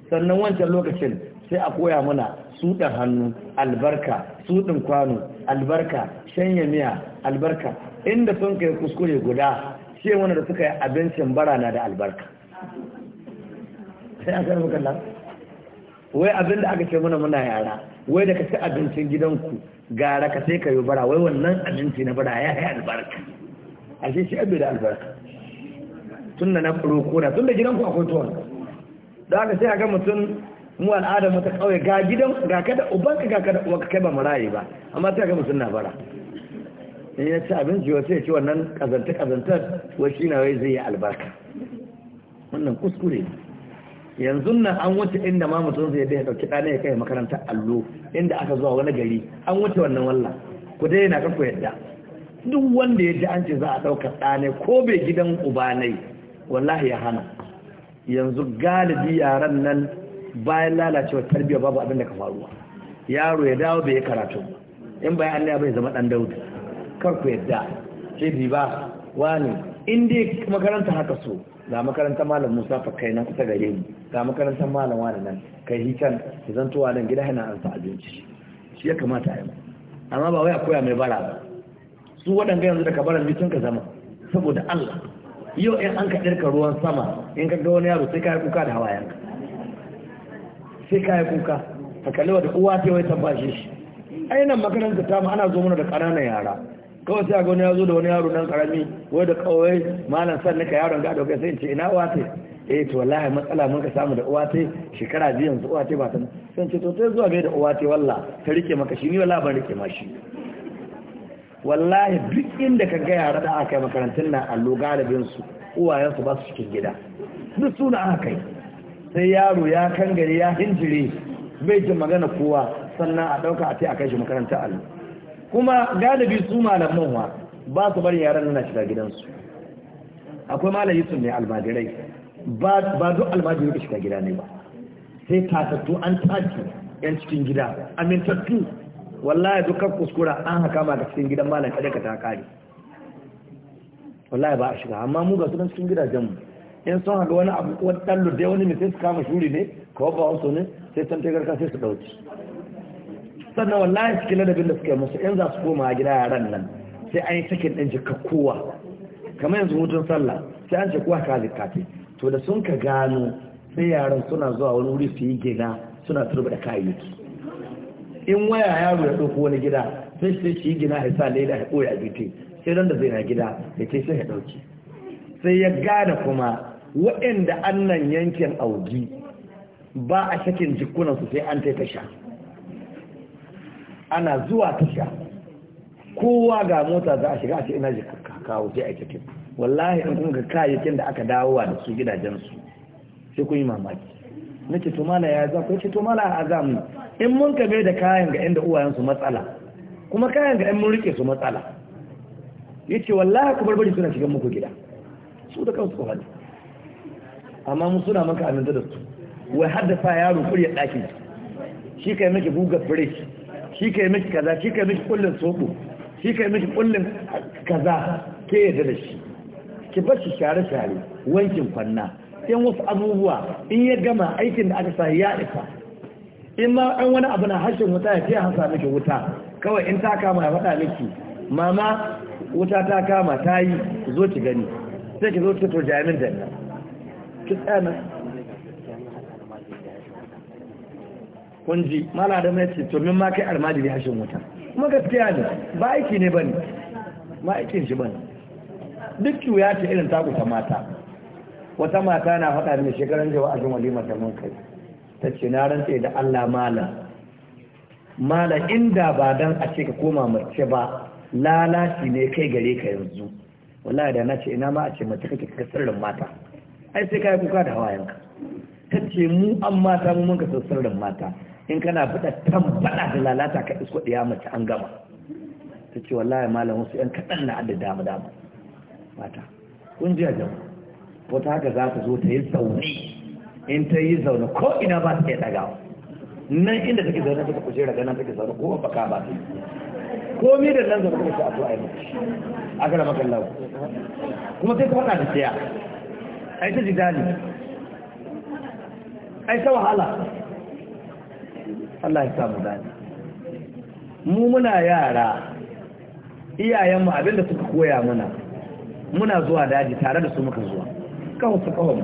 sannan wancan lokacin sai a koya mana suɗin hannu albarka suɗin kwano albarka shanya miya albarka inda sun kai kuskure guda ce wani da suka yi abincin bara na da albarka sai an karbi kallon wai abin da aka ce muna muna yara wai da ka ci abincin gidanku gara ka sai ka yi bara wai wannan abinci na bara ya yi albarka a shi shi abin da albarka tun da na roko na tun da gidanku akwai tuwon da aka sai a ga mutum mu al'adar mata kawai ga gidan ga kada ubanka ga kada uwa kai ba maraye ba amma sai a ga mutum na bara in ya ci abinci wasu ya ci wannan kazanta-kazantar wasu na wai zai yi albarka wannan kuskure yanzu nan an wuce inda ma mutum zai da ya ɗauki ɗana ya kai makarantar allo inda aka zuwa wani gari an wuce wannan walla ku dai na kanku yadda duk wanda ya ji an ce za a ɗauka ɗane ko bai gidan ubanai wallahi ya hana yanzu galibi yaran nan bayan lalacewar tarbiyya babu abin da ka faruwa yaro ya dawo bai karatu in bayan ba bai zama dan Daudu. kar ku yadda sai bi ba wani in dai makaranta haka so ga makarantar malam musa fa kai nan kusa gare mu ga makarantar malam wani nan kai hitan zan tuwa nan gida yana an sa abinci shi ya kamata a yi amma ba wai a koya mai bara ba su waɗanda yanzu daga baran bitin ka zama saboda Allah yau in an ka ɗirka ruwan sama in ka ga wani yaro sai ka yi kuka da hawayenka sai ka yi kuka ka kalli da uwa ta wai ta shi ainihin makaranta ta ma ana zo mana da ƙananan yara kawai sai a ya zo da wani yaro nan karami wai da kawai malam san naka yaron ga dauke sai ce ina uwa ce eh to wallahi matsala mun ka samu da uwa ce shekara biyu yanzu uwa ce ba ta san ce to sai zuwa mai da uwa ce walla ta rike maka shi ni wallahi ban rike ma shi wallahi duk inda ka ga yara da aka yi makarantun nan allo galibin su uwayen su ba su cikin gida duk suna aka kai sai yaro ya kangare ya hinjire bai jin magana kowa sannan a dauka a ce a kai shi makarantar allo kuma galibi su malaman wa ba su bari yaran nan shiga gidansu akwai malam Yusuf ne almajirai ba duk almajiri da shiga gida ne ba sai tatattu an tace yan cikin gida amintattu wallahi dukkan kuskura an haka ma ga cikin gidan malam kada ka ta kare wallahi ba a shiga amma mu ga nan cikin gidajen mu in sun haka wani abu wani dallo dai wani mai sai su kama shuri ne ko ba wasu ne sai san tegar ka sai su dauki sannan wallahi cikin ladabin da suka musu in za su koma gida yaran nan sai an yi cikin ɗin jikakkowa kamar yanzu hutun sallah sai an ce kowa ka zikati to da sun ka gano sai yaran suna zuwa wani wuri su yi gina suna turba da kayayyaki in waya yaro ya ɗauko wani gida sai sai shi gina ya sa laila ya ɓoye a gite sai don da zai na gida ya ce sai ya ɗauki sai ya gane kuma waɗanda annan yankin augi ba a shakin jikunansu sai an taita sha ana zuwa tasha kowa ga mota za a shiga a ce ina jika kawo je a cikin wallahi in kun ga kayayyakin da aka dawo da su gidajensu sai kun yi mamaki na ce tumala ya za ku ce tumala a zamu in mun kabe da kayan ga inda uwayensu matsala kuma kayan ga in mun rike su matsala ya ce wallahi ku barbari suna shigan muku gida su da kansu ku hada amma mun suna maka aminta da su wai haddasa yaro kurya ɗakin shi kai miki buga fresh shi yi miki kaza shi yi miki kullun sobo shi yi miki kullin kaza ke yadda da shi ki bar shi share share wankin kwanna in wasu abubuwa in ya gama aikin da aka sa ya isa in ma an wani abu na hashin wuta ya fiye hasa miki wuta kawai in ta kama ya faɗa miki mama wuta ta kama ta yi zo ki gani sai ki zo ki to jami'in da ki tsaya kun ji mala da mai ce to min ma kai almajiri hashin wuta kuma gaskiya ne ba aiki ne bane ba aikin shi bane duk ya ce irin taku ta mata wata mata na faɗa mini shekaran jawa a walima ta mun kai ta ce na rantse da Allah mala mala inda ba dan a ce ka koma mace ba lalaci ne kai gare ka yanzu wallahi da na ce ina ma a ce mace kake ka mata ai sai kai kuka da hawayenka ta ce mu an mata mu mun ka sirrin mata in kana buɗa tambada da lalata ka isko ɗaya mace an gama ta ce wallahi malam wasu ‘yan kaɗan na adda dama dama mata kun ji a jama wata haka za ta zo ta yi zaune in ta yi zaune ko ina ba ta iya ɗagawa nan inda take zaune kushe daga nan take zaune ko baka ba ta yi ko mi da nan zaune ta ato a yi mace a gara makan lawo kuma sai ta faɗa da siya a ta jidali a yi ta wahala Allah ya mu dani mu muna yara iyayenmu abinda suka koya muna muna zuwa daji tare da su muka zuwa kawo su kawo mu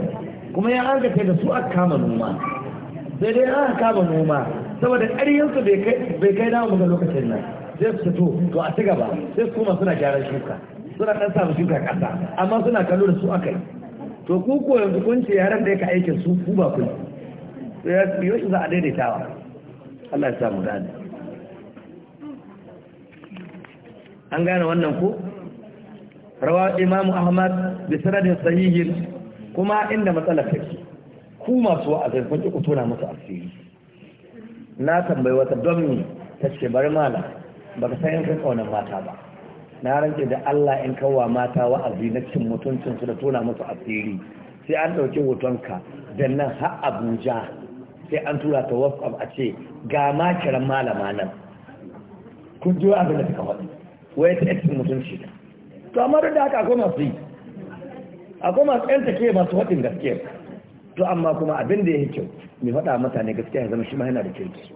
kuma ya an kai da su aka kama noma sai dai aka kama noma saboda ƙaryansu bai kai damu muka lokacin nan sai su fito to a ci gaba sai su kuma suna gyaran shuka suna ɗan samu shuka ƙasa amma suna kallo da su aka yi to ku ko yanzu kun ce yaran da yake aikin su ku ba ku to ya shi za a daidaitawa Allah ya samu gane an gane wannan ko rawa imamu ahmad da sanadin sahihin kuma inda matsalar take ku masu wa'azin kun ki ku tona musu asiri na tambayi wata domin ta ce bari mala baka san in kai kaunar mata ba na rance da Allah in kawwa mata wa'azi na cin mutuncin su da tona musu asiri sai an ɗauki hotonka da nan har Abuja sai an tura ta whatsapp a ce ga makiran malama nan kun ji abin da suka faɗi wai ta yakin mutunci to amma da haka akwai masu yi akwai masu ƴan take masu faɗin gaskiya to amma kuma abin da ya kyau mai faɗa mutane gaskiya ya zama shi ma yana da kirki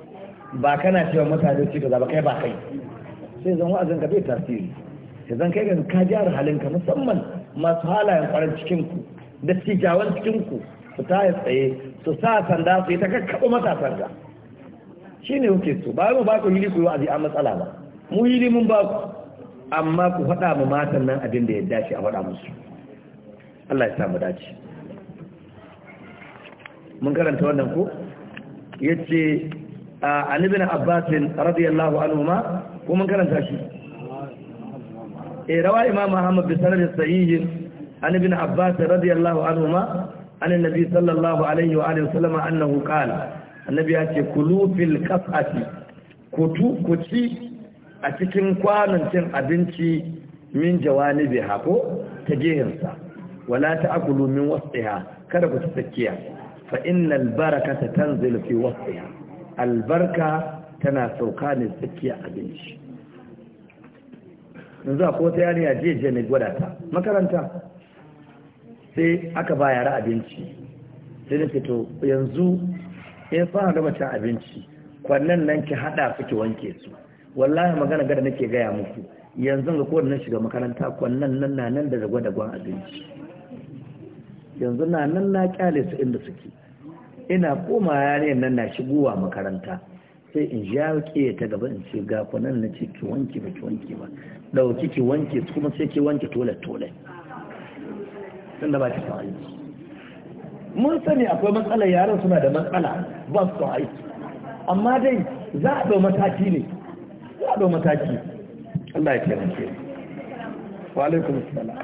ba kana cewa mutane ci ka ba kai ba kai sai zan wa'azin ka bai tasiri sai zan kai ga ka gyara halinka musamman masu halayen ƙwarar cikin ku da cijawan cikin ku su taya tsaye su sa sanda su yi ta kakkaɓo mata sanda shi ne hukin su ba mu ba ku hili ku yi wa'azi a matsala ba mu hili mun ba ku amma ku faɗa mu matan nan abin da ya dace a faɗa musu Allah ya samu dace mun karanta wannan ko ce a Ali bin radiyallahu anuma. ko mun karanta shi eh rawa Imam Ahmad bi sanad sahih Ali bin Abbas radiyallahu anhu ma an annabi sallallahu alaihi wa alihi wasallam annahu qala annabi ce kulu fil qas'ati kutu kuci a cikin kwanon cin abinci min jawanibi hako ta gehensa wala ta'kulu min wasfiha kada ku tsakiya fa innal barakata tanzilu fi wasfiha albarka tana sauka ne tsakiya abinci yanzu akwai wata yariya je je gwada ta makaranta sai aka ba yara abinci sai da to yanzu in fara da cin abinci kwannan nan ki hada su wanke su wallahi magana gada nake gaya muku yanzu ga nan shiga makaranta kwannan nan na nan da zagwa da gwan abinci yanzu na nan na kyale su inda suke ina koma yare nan na shigowa makaranta sai in ja ke ta gaba in ce ga kwanan na ce ki wanke ba ki wanke ba dauki ki wanke kuma sai ki wanke tole tole tunda ba shi son mun sani akwai matsala yaran suna da matsala ba su son amma dai za a ɗau mataki ne za a ɗau mataki Allah ya taimake wa alaikum salam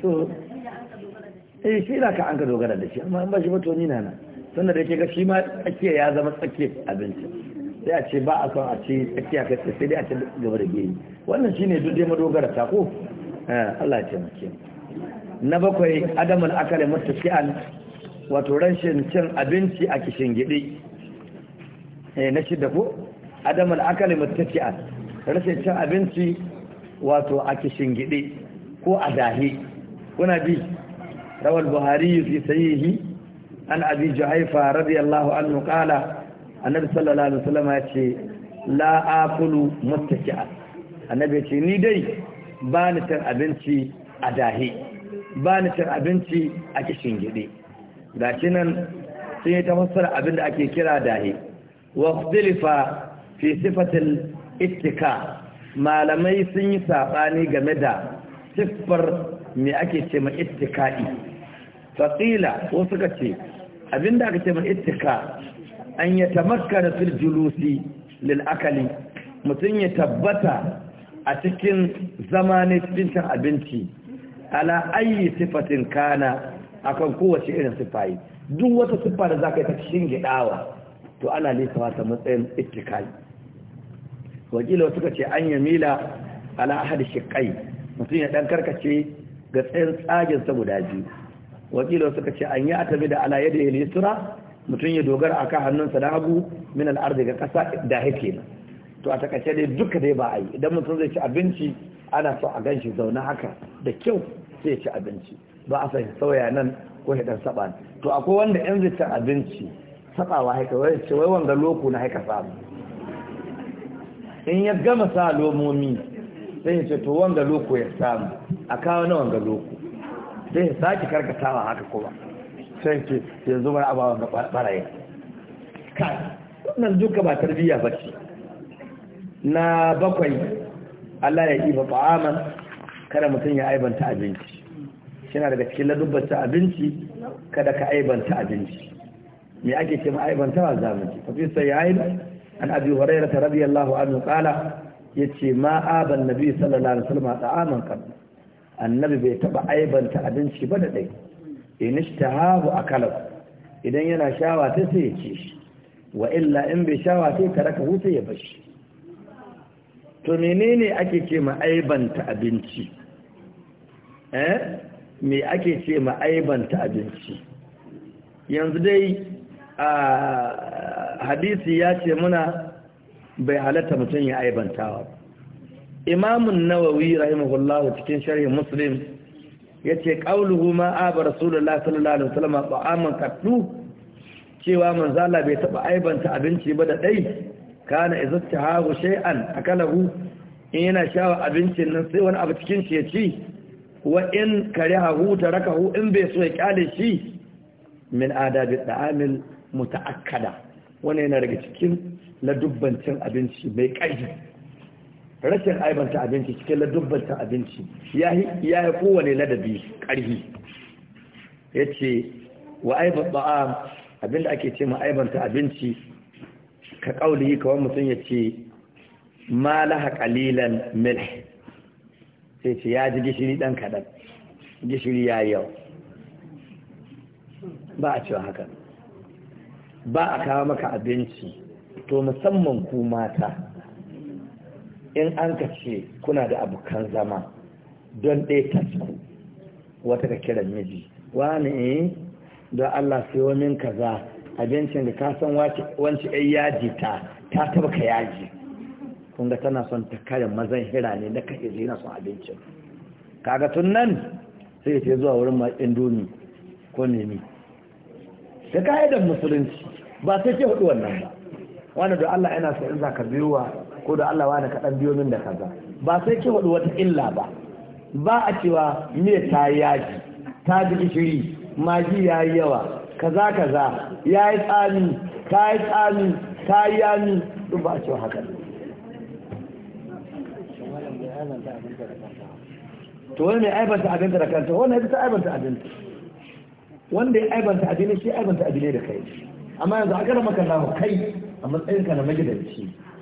to eh shi da ka an ka dogara da shi amma in ba shi ba to ni na na da ke ga shi ma tsakiya ya zama tsakiyar abinci sai a ce ba a son a ce tsakiya kai sai dai a ce gaba da gini wannan shine duk dai madogara ta ko eh, Allah ya taimake na bakwai adamul akali mutasi'an wato rashin cin abinci a kishin gidi eh na da ko adamul akali mutasi'an rashin cin abinci wato a kishin gidi ko a dahi kuna bi rawal buhari fi sahihi an abi juhaifa radiyallahu anhu qala annabi sallallahu alaihi wasallam ya ce la akulu muttaki'a annabi ya ce ni dai ba ni cin abinci a dahi ba ni cin abinci a kishin gide shi nan sun yi ta fassara abin da ake kira dahi wa ikhtilifa fi sifatil ittika malamai sun yi saɓani game da siffar me ake ce ma ittika'i faqila wasu ka ce abinda aka ce ma ittika an ya tamakkara fil julusi lil akali mutum ya tabbata a cikin zama ne cikin cin abinci ala ayi sifatin kana akan kowace irin sifayi duk wata siffa da zaka yi ta gidawa to ana lisawa wata matsayin ittikali wakila suka ce an mila ala ahadi shiqai mutum ya ɗan karkace ga tsayin tsagin saboda guda biyu wakila suka ce an yi atabi da ala yadda ya lissura. mutum ya dogara a akan hannunsa na hagu min al'ar daga ƙasa da hake nan to a takaice dai duka dai ba a yi idan mutum zai ci abinci ana so a gan shi zaune haka da kyau sai ci abinci ba a sai sauya nan ko hidan saba to akwai wanda yan zai ci abinci sabawa haika wai ce wai wanga loko na haika samu in ya gama sa lomomi sai ya ce to wanga loko ya samu a kawo na wanga loko sai ya sake karkatawa haka kuma sai ce yanzu mara a da barayin Ka wannan duka ba tarbiyya ba ce na bakwai Allah ya ɗiba ba'aman kada mutum ya aibanta abinci shina daga cikin ladubbata abinci kada ka aibanta abinci me ake ce ma wa zamanci tafi sai ya aiba an abi hurairah ta radiyallahu anhu qala ya ma ma'aban nabi sallallahu alaihi wasallam ta'aman kan annabi bai taba aibanta abinci ba da dai a akalahu idan yana shawa ta sai ce wa illa in bai shawa sai taraka hu sai ya bashi to menene ake ce ma aibanta abinci eh me ake ce ma aibanta abinci yanzu dai a hadisi ya ce muna bai halatta mutum ya aibantawa imamun nawawi rahimahullahu cikin sharhi muslim yace qauluhu ma aba rasulullahi sallallahu alaihi wasallam ta'aman qattu cewa manzo bai taba aibanta abinci ba da dai kana iztahahu shay'an akalahu in yana shawa abincin nan sai wani abu cikin shi ya ci wa in raka hu in bai so ya kyale shi min adabi da'amil muta'akkada wani yana daga cikin ladubbancin abinci mai kai. rashin aibanta abinci cikin ladubbanta abinci ya yi kowane ladabi ƙarfi ya ce wa aibar ba'a abinda ake ce ma aibanta abinci ka ƙauli kawai mutum ya ce ma laha ƙalilan mil sai ce ya ji gishiri ɗan kaɗan gishiri ya yau ba a cewa haka ba a kawo maka abinci to musamman ku mata in an ka ce kuna da abokan zama don ɗaya tasku wata ka kiran miji wani eh, don Allah sayo min kaza abincin da ka san wance ɗan yaji ta ta taba ka yaji kun tana son ta kare mazan hira ne da ka iji na son abincin kaga tun nan sai ce zuwa wurin ma'in duni ko nemi da ka'idar musulunci ba sai ke hudu wannan ba wani don Allah yana sa in za ka biyo ko da Allah wani kaɗan biyo min da kaza ba sai ke faɗi wata illa ba ba a cewa me ta yaji ta ji gishiri maji ya yi yawa kaza kaza ya yi tsami ta yi tsami ta yi yami duk ba a cewa haka to wani mai aibanta abinta da kanta wani ya ta aibanta abinta wanda ya aibanta abinta shi aibanta abinai da kai amma yanzu a gara maka kai a matsayinka na magidanci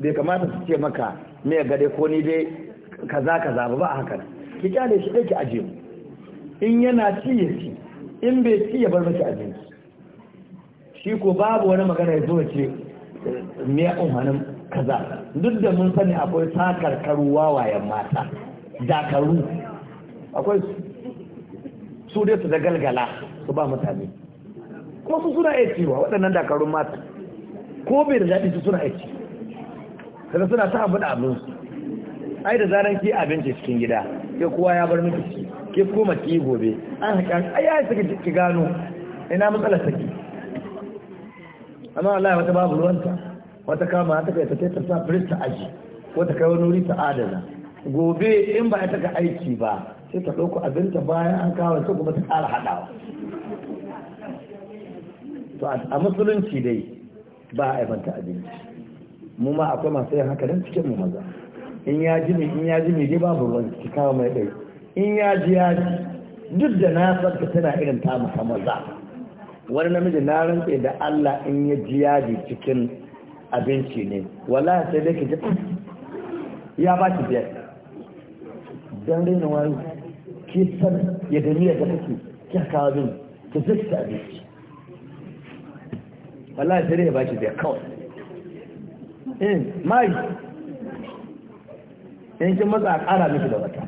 bai kamata su ce maka me dai ko ni dai kaza kaza ba ba haka ki kyale shi dai ki aje mu in yana ci ya ci in bai ci ya bar maki aje shi ko babu wani magana ya zo ce me ya umhanin kaza duk da mun sani akwai sakarkaru wawayen mata dakaru akwai su dai su da galgala su ba mutane kuma su suna iya cewa waɗannan dakarun mata ko bai da daɗi su suna iya cewa kada suna ta abin abin su ai da zaran ki abinci cikin gida ke kowa ya bar miki ke koma ki gobe an haƙa ai ya saki ki gano ina matsalar saki amma Allah wata babu ruwanta wata kama ta kai ta kai ta sa aji wata kai wani wuri ta adana gobe in ba ta ga aiki ba sai ta ɗauko abinta bayan an kawo sai kuma ta ƙara haɗawa to a musulunci dai ba a aibanta abinci mu ma akwai masu yin haka don cikin mu maza in ya ji in ya ji mai babu ruwan ki kawo mai dai. in ya ji ya ji duk da na san ka tana irin ta masa maza wani namiji na rantse da Allah in ya ji ya ji cikin abinci ne wala sai dai ki ji ya ba ki biyar dan na wani ki san ya da miyar da kake ki kawo min ki zai abinci Wala sai dai ya ba ki biyar kawai in eh, mai in kin matsa a ƙara miki da wata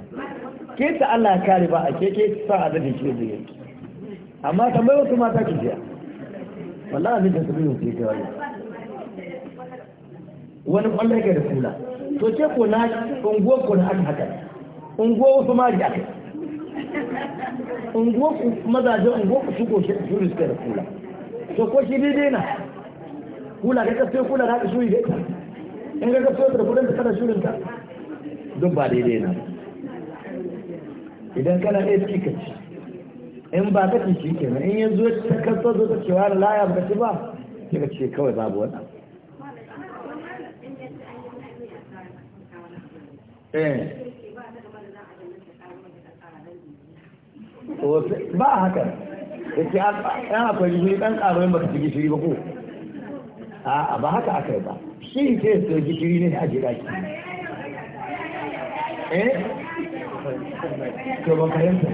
ke ta Allah ya kare ba a keke sa a zafi ki zai amma tambayi wasu mata ki jiya wallah zai ta su biyu ke ta wani wani ƙwallon ke da kula to ce ko na unguwa ko na aka haka unguwa wasu mari aka unguwa ku mazajen unguwa ku shuko shi shuri suke da kula to ko shi daidai na kula ka kasai kula na ka shuri daidai in ga ga fito da kudin da kana shirin ka duk ba daidai na idan kana ɗaya ci ka ci in ba ka ci shi kenan in yanzu ta kasar zo ta cewa da laya ba ci ba kika ce kawai babu wannan eh ba a hakan da ke yan akwai gishiri ɗan ƙarorin ba ka ci gishiri ba ko a ba haka aka yi ba shi ke so jikiri ne a jira ki eh to ba kayan ta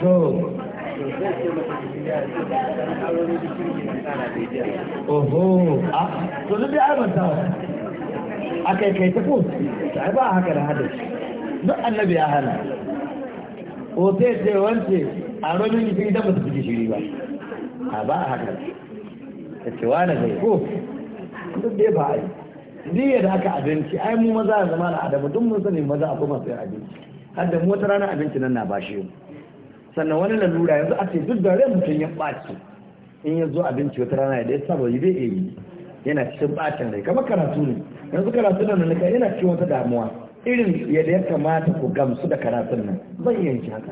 to Oho, a, to bi da aibanta a kai kai ta ko, ta ba haka da hadari, duk annabi ya hana. sai sai wance a ronin gishiri da ba su gishiri ba, a ba haka. ta ce wani zai ko duk dai ba ai diya da haka abinci ai mu maza a zama na adamu duk mun sani maza akwai masu yin abinci har da mu wata rana abinci nan na bashi mu sannan wani lalura yanzu a ce duk da rai mutum ya ɓaci in ya zo abinci wata rana da ya saba yi bai yi yana cikin ɓacin rai kamar karatu ne yanzu karatu na nan yana cikin wata damuwa irin yadda ya kamata ku gamsu da karatun nan zan yanki haka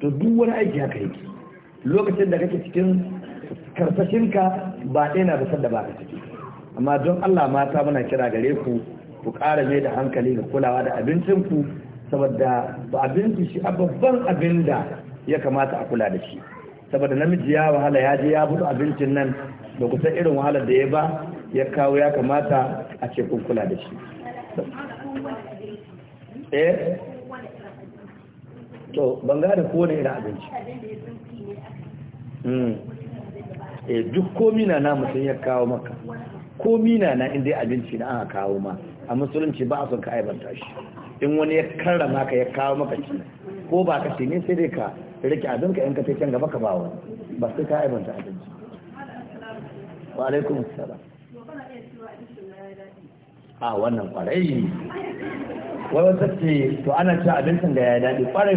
to duk wani aiki haka yake lokacin da kake cikin karsashinka ba ɗaya na busar da ba ka ciki amma don Allah mata muna kira gare ku ku ƙara mai da hankali ga kulawa da abincinku saboda ba abinci shi a babban abin da ya kamata a kula da shi saboda namiji ya wahala ya je ya buɗe abincin nan da kusa irin wahalar da ya ba ya kawo ya kamata a ce kun kula da shi eh to ban ga kowane irin abinci hmm. eh duk komina na namu sun ya kawo maka komina na na inda abinci na aka kawo ma a musulunci ba a son ka aibanta shi in wani ya karrama ka ya kawo maka shi ko ba ka ce ne sai dai ka rike abin ka in ka can gaba ka ba wani ba sai ka aibanta abinci wa alaikum assalam a wannan kwarai wai wata ce to ana ci abincin da ya daɗi kwarai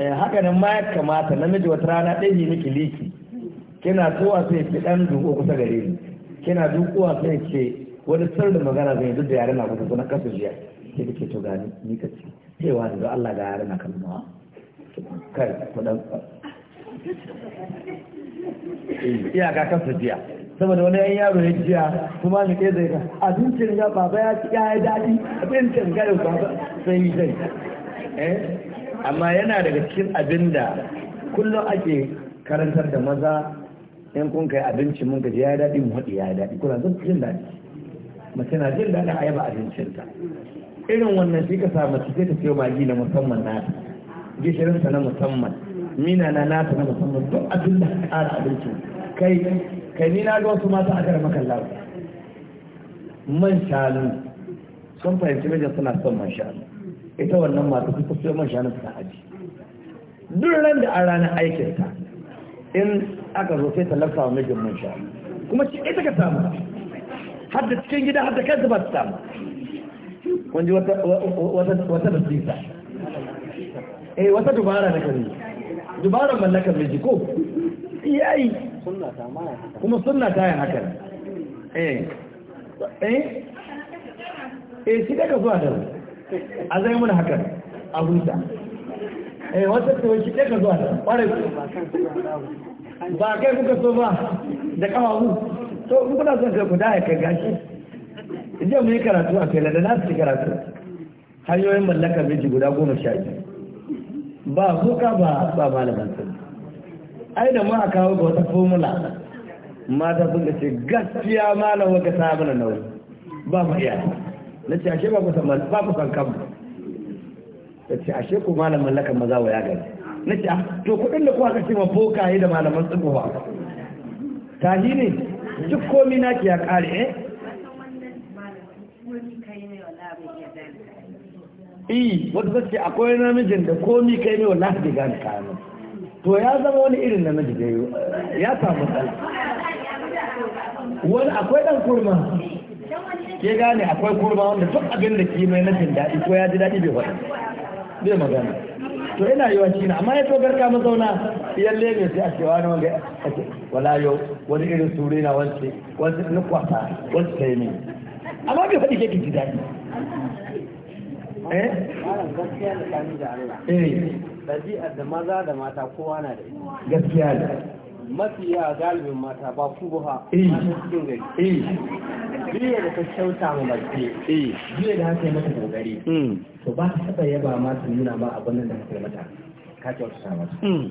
eh, haka nan ma ya kamata namiji wata rana ɗaya miki liki kina zuwa sai ki dan duko kusa gare ni kina dukuwa sai ce wani da magana zai duk da yare na kusa na kasu jiya sai kike to gani ni ka ce sai wani da Allah ga yare na kalmawa kai ku dan eh, iyaka kasu jiya saboda wani yan yaro ya jiya kuma ni ke zai ka abincin ga baba ya ci ya daɗi abincin ga da baba sai yi eh amma yana daga cikin abinda kullum ake karantar da maza in kun kai abinci mun gaji ya daɗi mu haɗi ya daɗi kuna zan jin daɗi mace na jin daɗi a yaba abincinta irin wannan shi ka sa mace sai ta siyo magi na musamman nata gishirinsa na musamman mina na nata na musamman duk abin da ka ƙara abinci kai kai ni na ga wasu mata a karama kallawa man shanu sun fahimci mijin suna son man shanu ita wannan mata su ta siyo man shanu suna aji duk ran da a ranar aikinta in aka zo sai talaka wa mijin mun sha kuma ce ita ka samu har da cikin gida har da kansa ba ta samu kun ji wata wata basisa eh wata dubara na kan dubara mallakar miji ko yayi kuma sunna ta yi haka eh eh eh shi daga zuwa da a zai mun hakan a huta eh wata tsawon shi ɗaya ka zuwa ƙwarai ba kai kuka so ba da kawawu to in kuna son ka guda ya kai gashi inda mu yi karatu a fela da na su karatu hanyoyin mallakar miji guda goma sha biyu ba kuka ba ba malaman sun ai da mu a kawo ga wata formula mata sun ce gaskiya malam waka ta mana nauyi ba mu iya na ce ashe ba ku san kanmu ta ce ashe ku malamin mallakan maza wa ya gani na ce ah, to kuɗin da kuwa ka ce ma kayi da malaman tsibowa yi ne duk komi na ke ya kare eh i eh, wata ta ce akwai namijin da komi kai ne wallahi bai gani kayan to ya zama wani irin namiji da ya samu tsala wani akwai dan kurma ke gane akwai kurma wanda duk abin da ke mai nufin daɗi ko ya ji daɗi bai faɗi bai magana to ina yawanci na amma ya to garka mazauna yalle ne sai a ce wani wanda ake wala yau wani irin sure na wance wance na kwata wance ne amma bai faɗi kekin ji daɗi eh gaskiya da da Allah eh da maza da mata kowa na da gaskiya da mafiya galibin mata ba ku buha mata eh. cikin gari biya eh. da ta kyauta ma mace eh. Jiya da haka yi mata kokari hmm. to ba ta saba yaba ma su nuna ma abin da haka mata ka kyauta mata hmm.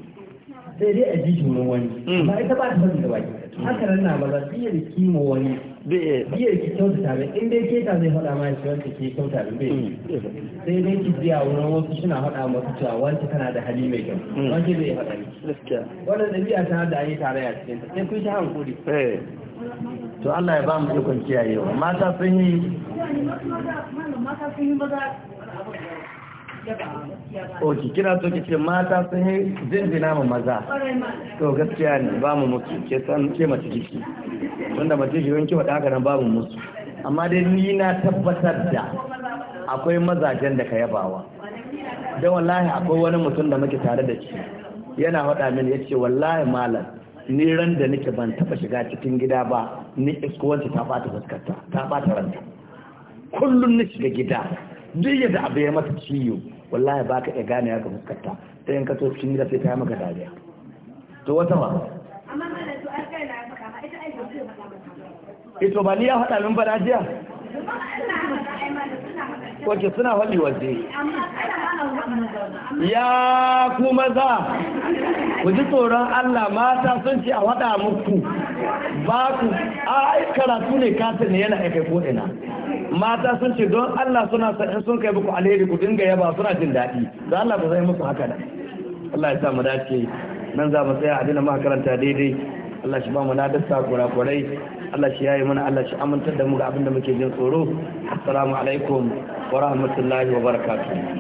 sai dai a ji juna wani hmm. amma ita ba ta sani da baki haka nan na maza biyar kimo wani biyar ki kyauta tabi in dai keta zai faɗa ma shi wanda ke kyauta tabi bai mm, sai dai ki biya wurin wasu suna faɗa masu cewa wanda tana da hali mai kyau mm. wanda zai faɗa ni wannan ɗabi'a ta da an tare a cikin sai kun sha hankuri eh. to Allah ya ba mu ikon kiyayewa mata sun yi mata Oki kina so ki mata sun yi zinzina ma maza. To gaskiya ne ba mu musu ke san ke mace jiki. Tunda mace shi yanki wa daga nan ba mu musu. Amma dai ni na tabbatar da akwai mazajen da ka yabawa. Dan wallahi akwai wani mutum da muke tare da shi. Yana faɗa mini ya ce wallahi malam ni ran da nake ban taɓa shiga cikin gida ba ni iskowanci ta ɓata fuskarta ta ɓata ranta. Kullum ni shiga gida duk yadda abu ya mata ciwo wallahi ba ka iya gane ya ka fuskarta ta yin kato cikin gida sai ta yi maka dariya to wata ma ito eh, ba ni ya faɗa min ba jiya wace suna faɗi waje ya ku maza ku ji tsoron Allah mata sun ce a waɗa muku ba ku a karatu ne katin ne yana aikai ko ina mata sun ce don Allah suna in sun kai muku alheri ku dinga yaba suna jin daɗi da Allah ba zai musu haka da Allah ya sa mu dace nan za mu tsaya a dina karanta daidai Allah shi ba mu dasa kurakurai Allah shi yi mana Allah shi amintar da mu ga abin da muke jin tsoro assalamu alaikum wa rahmatullahi wa barakatuh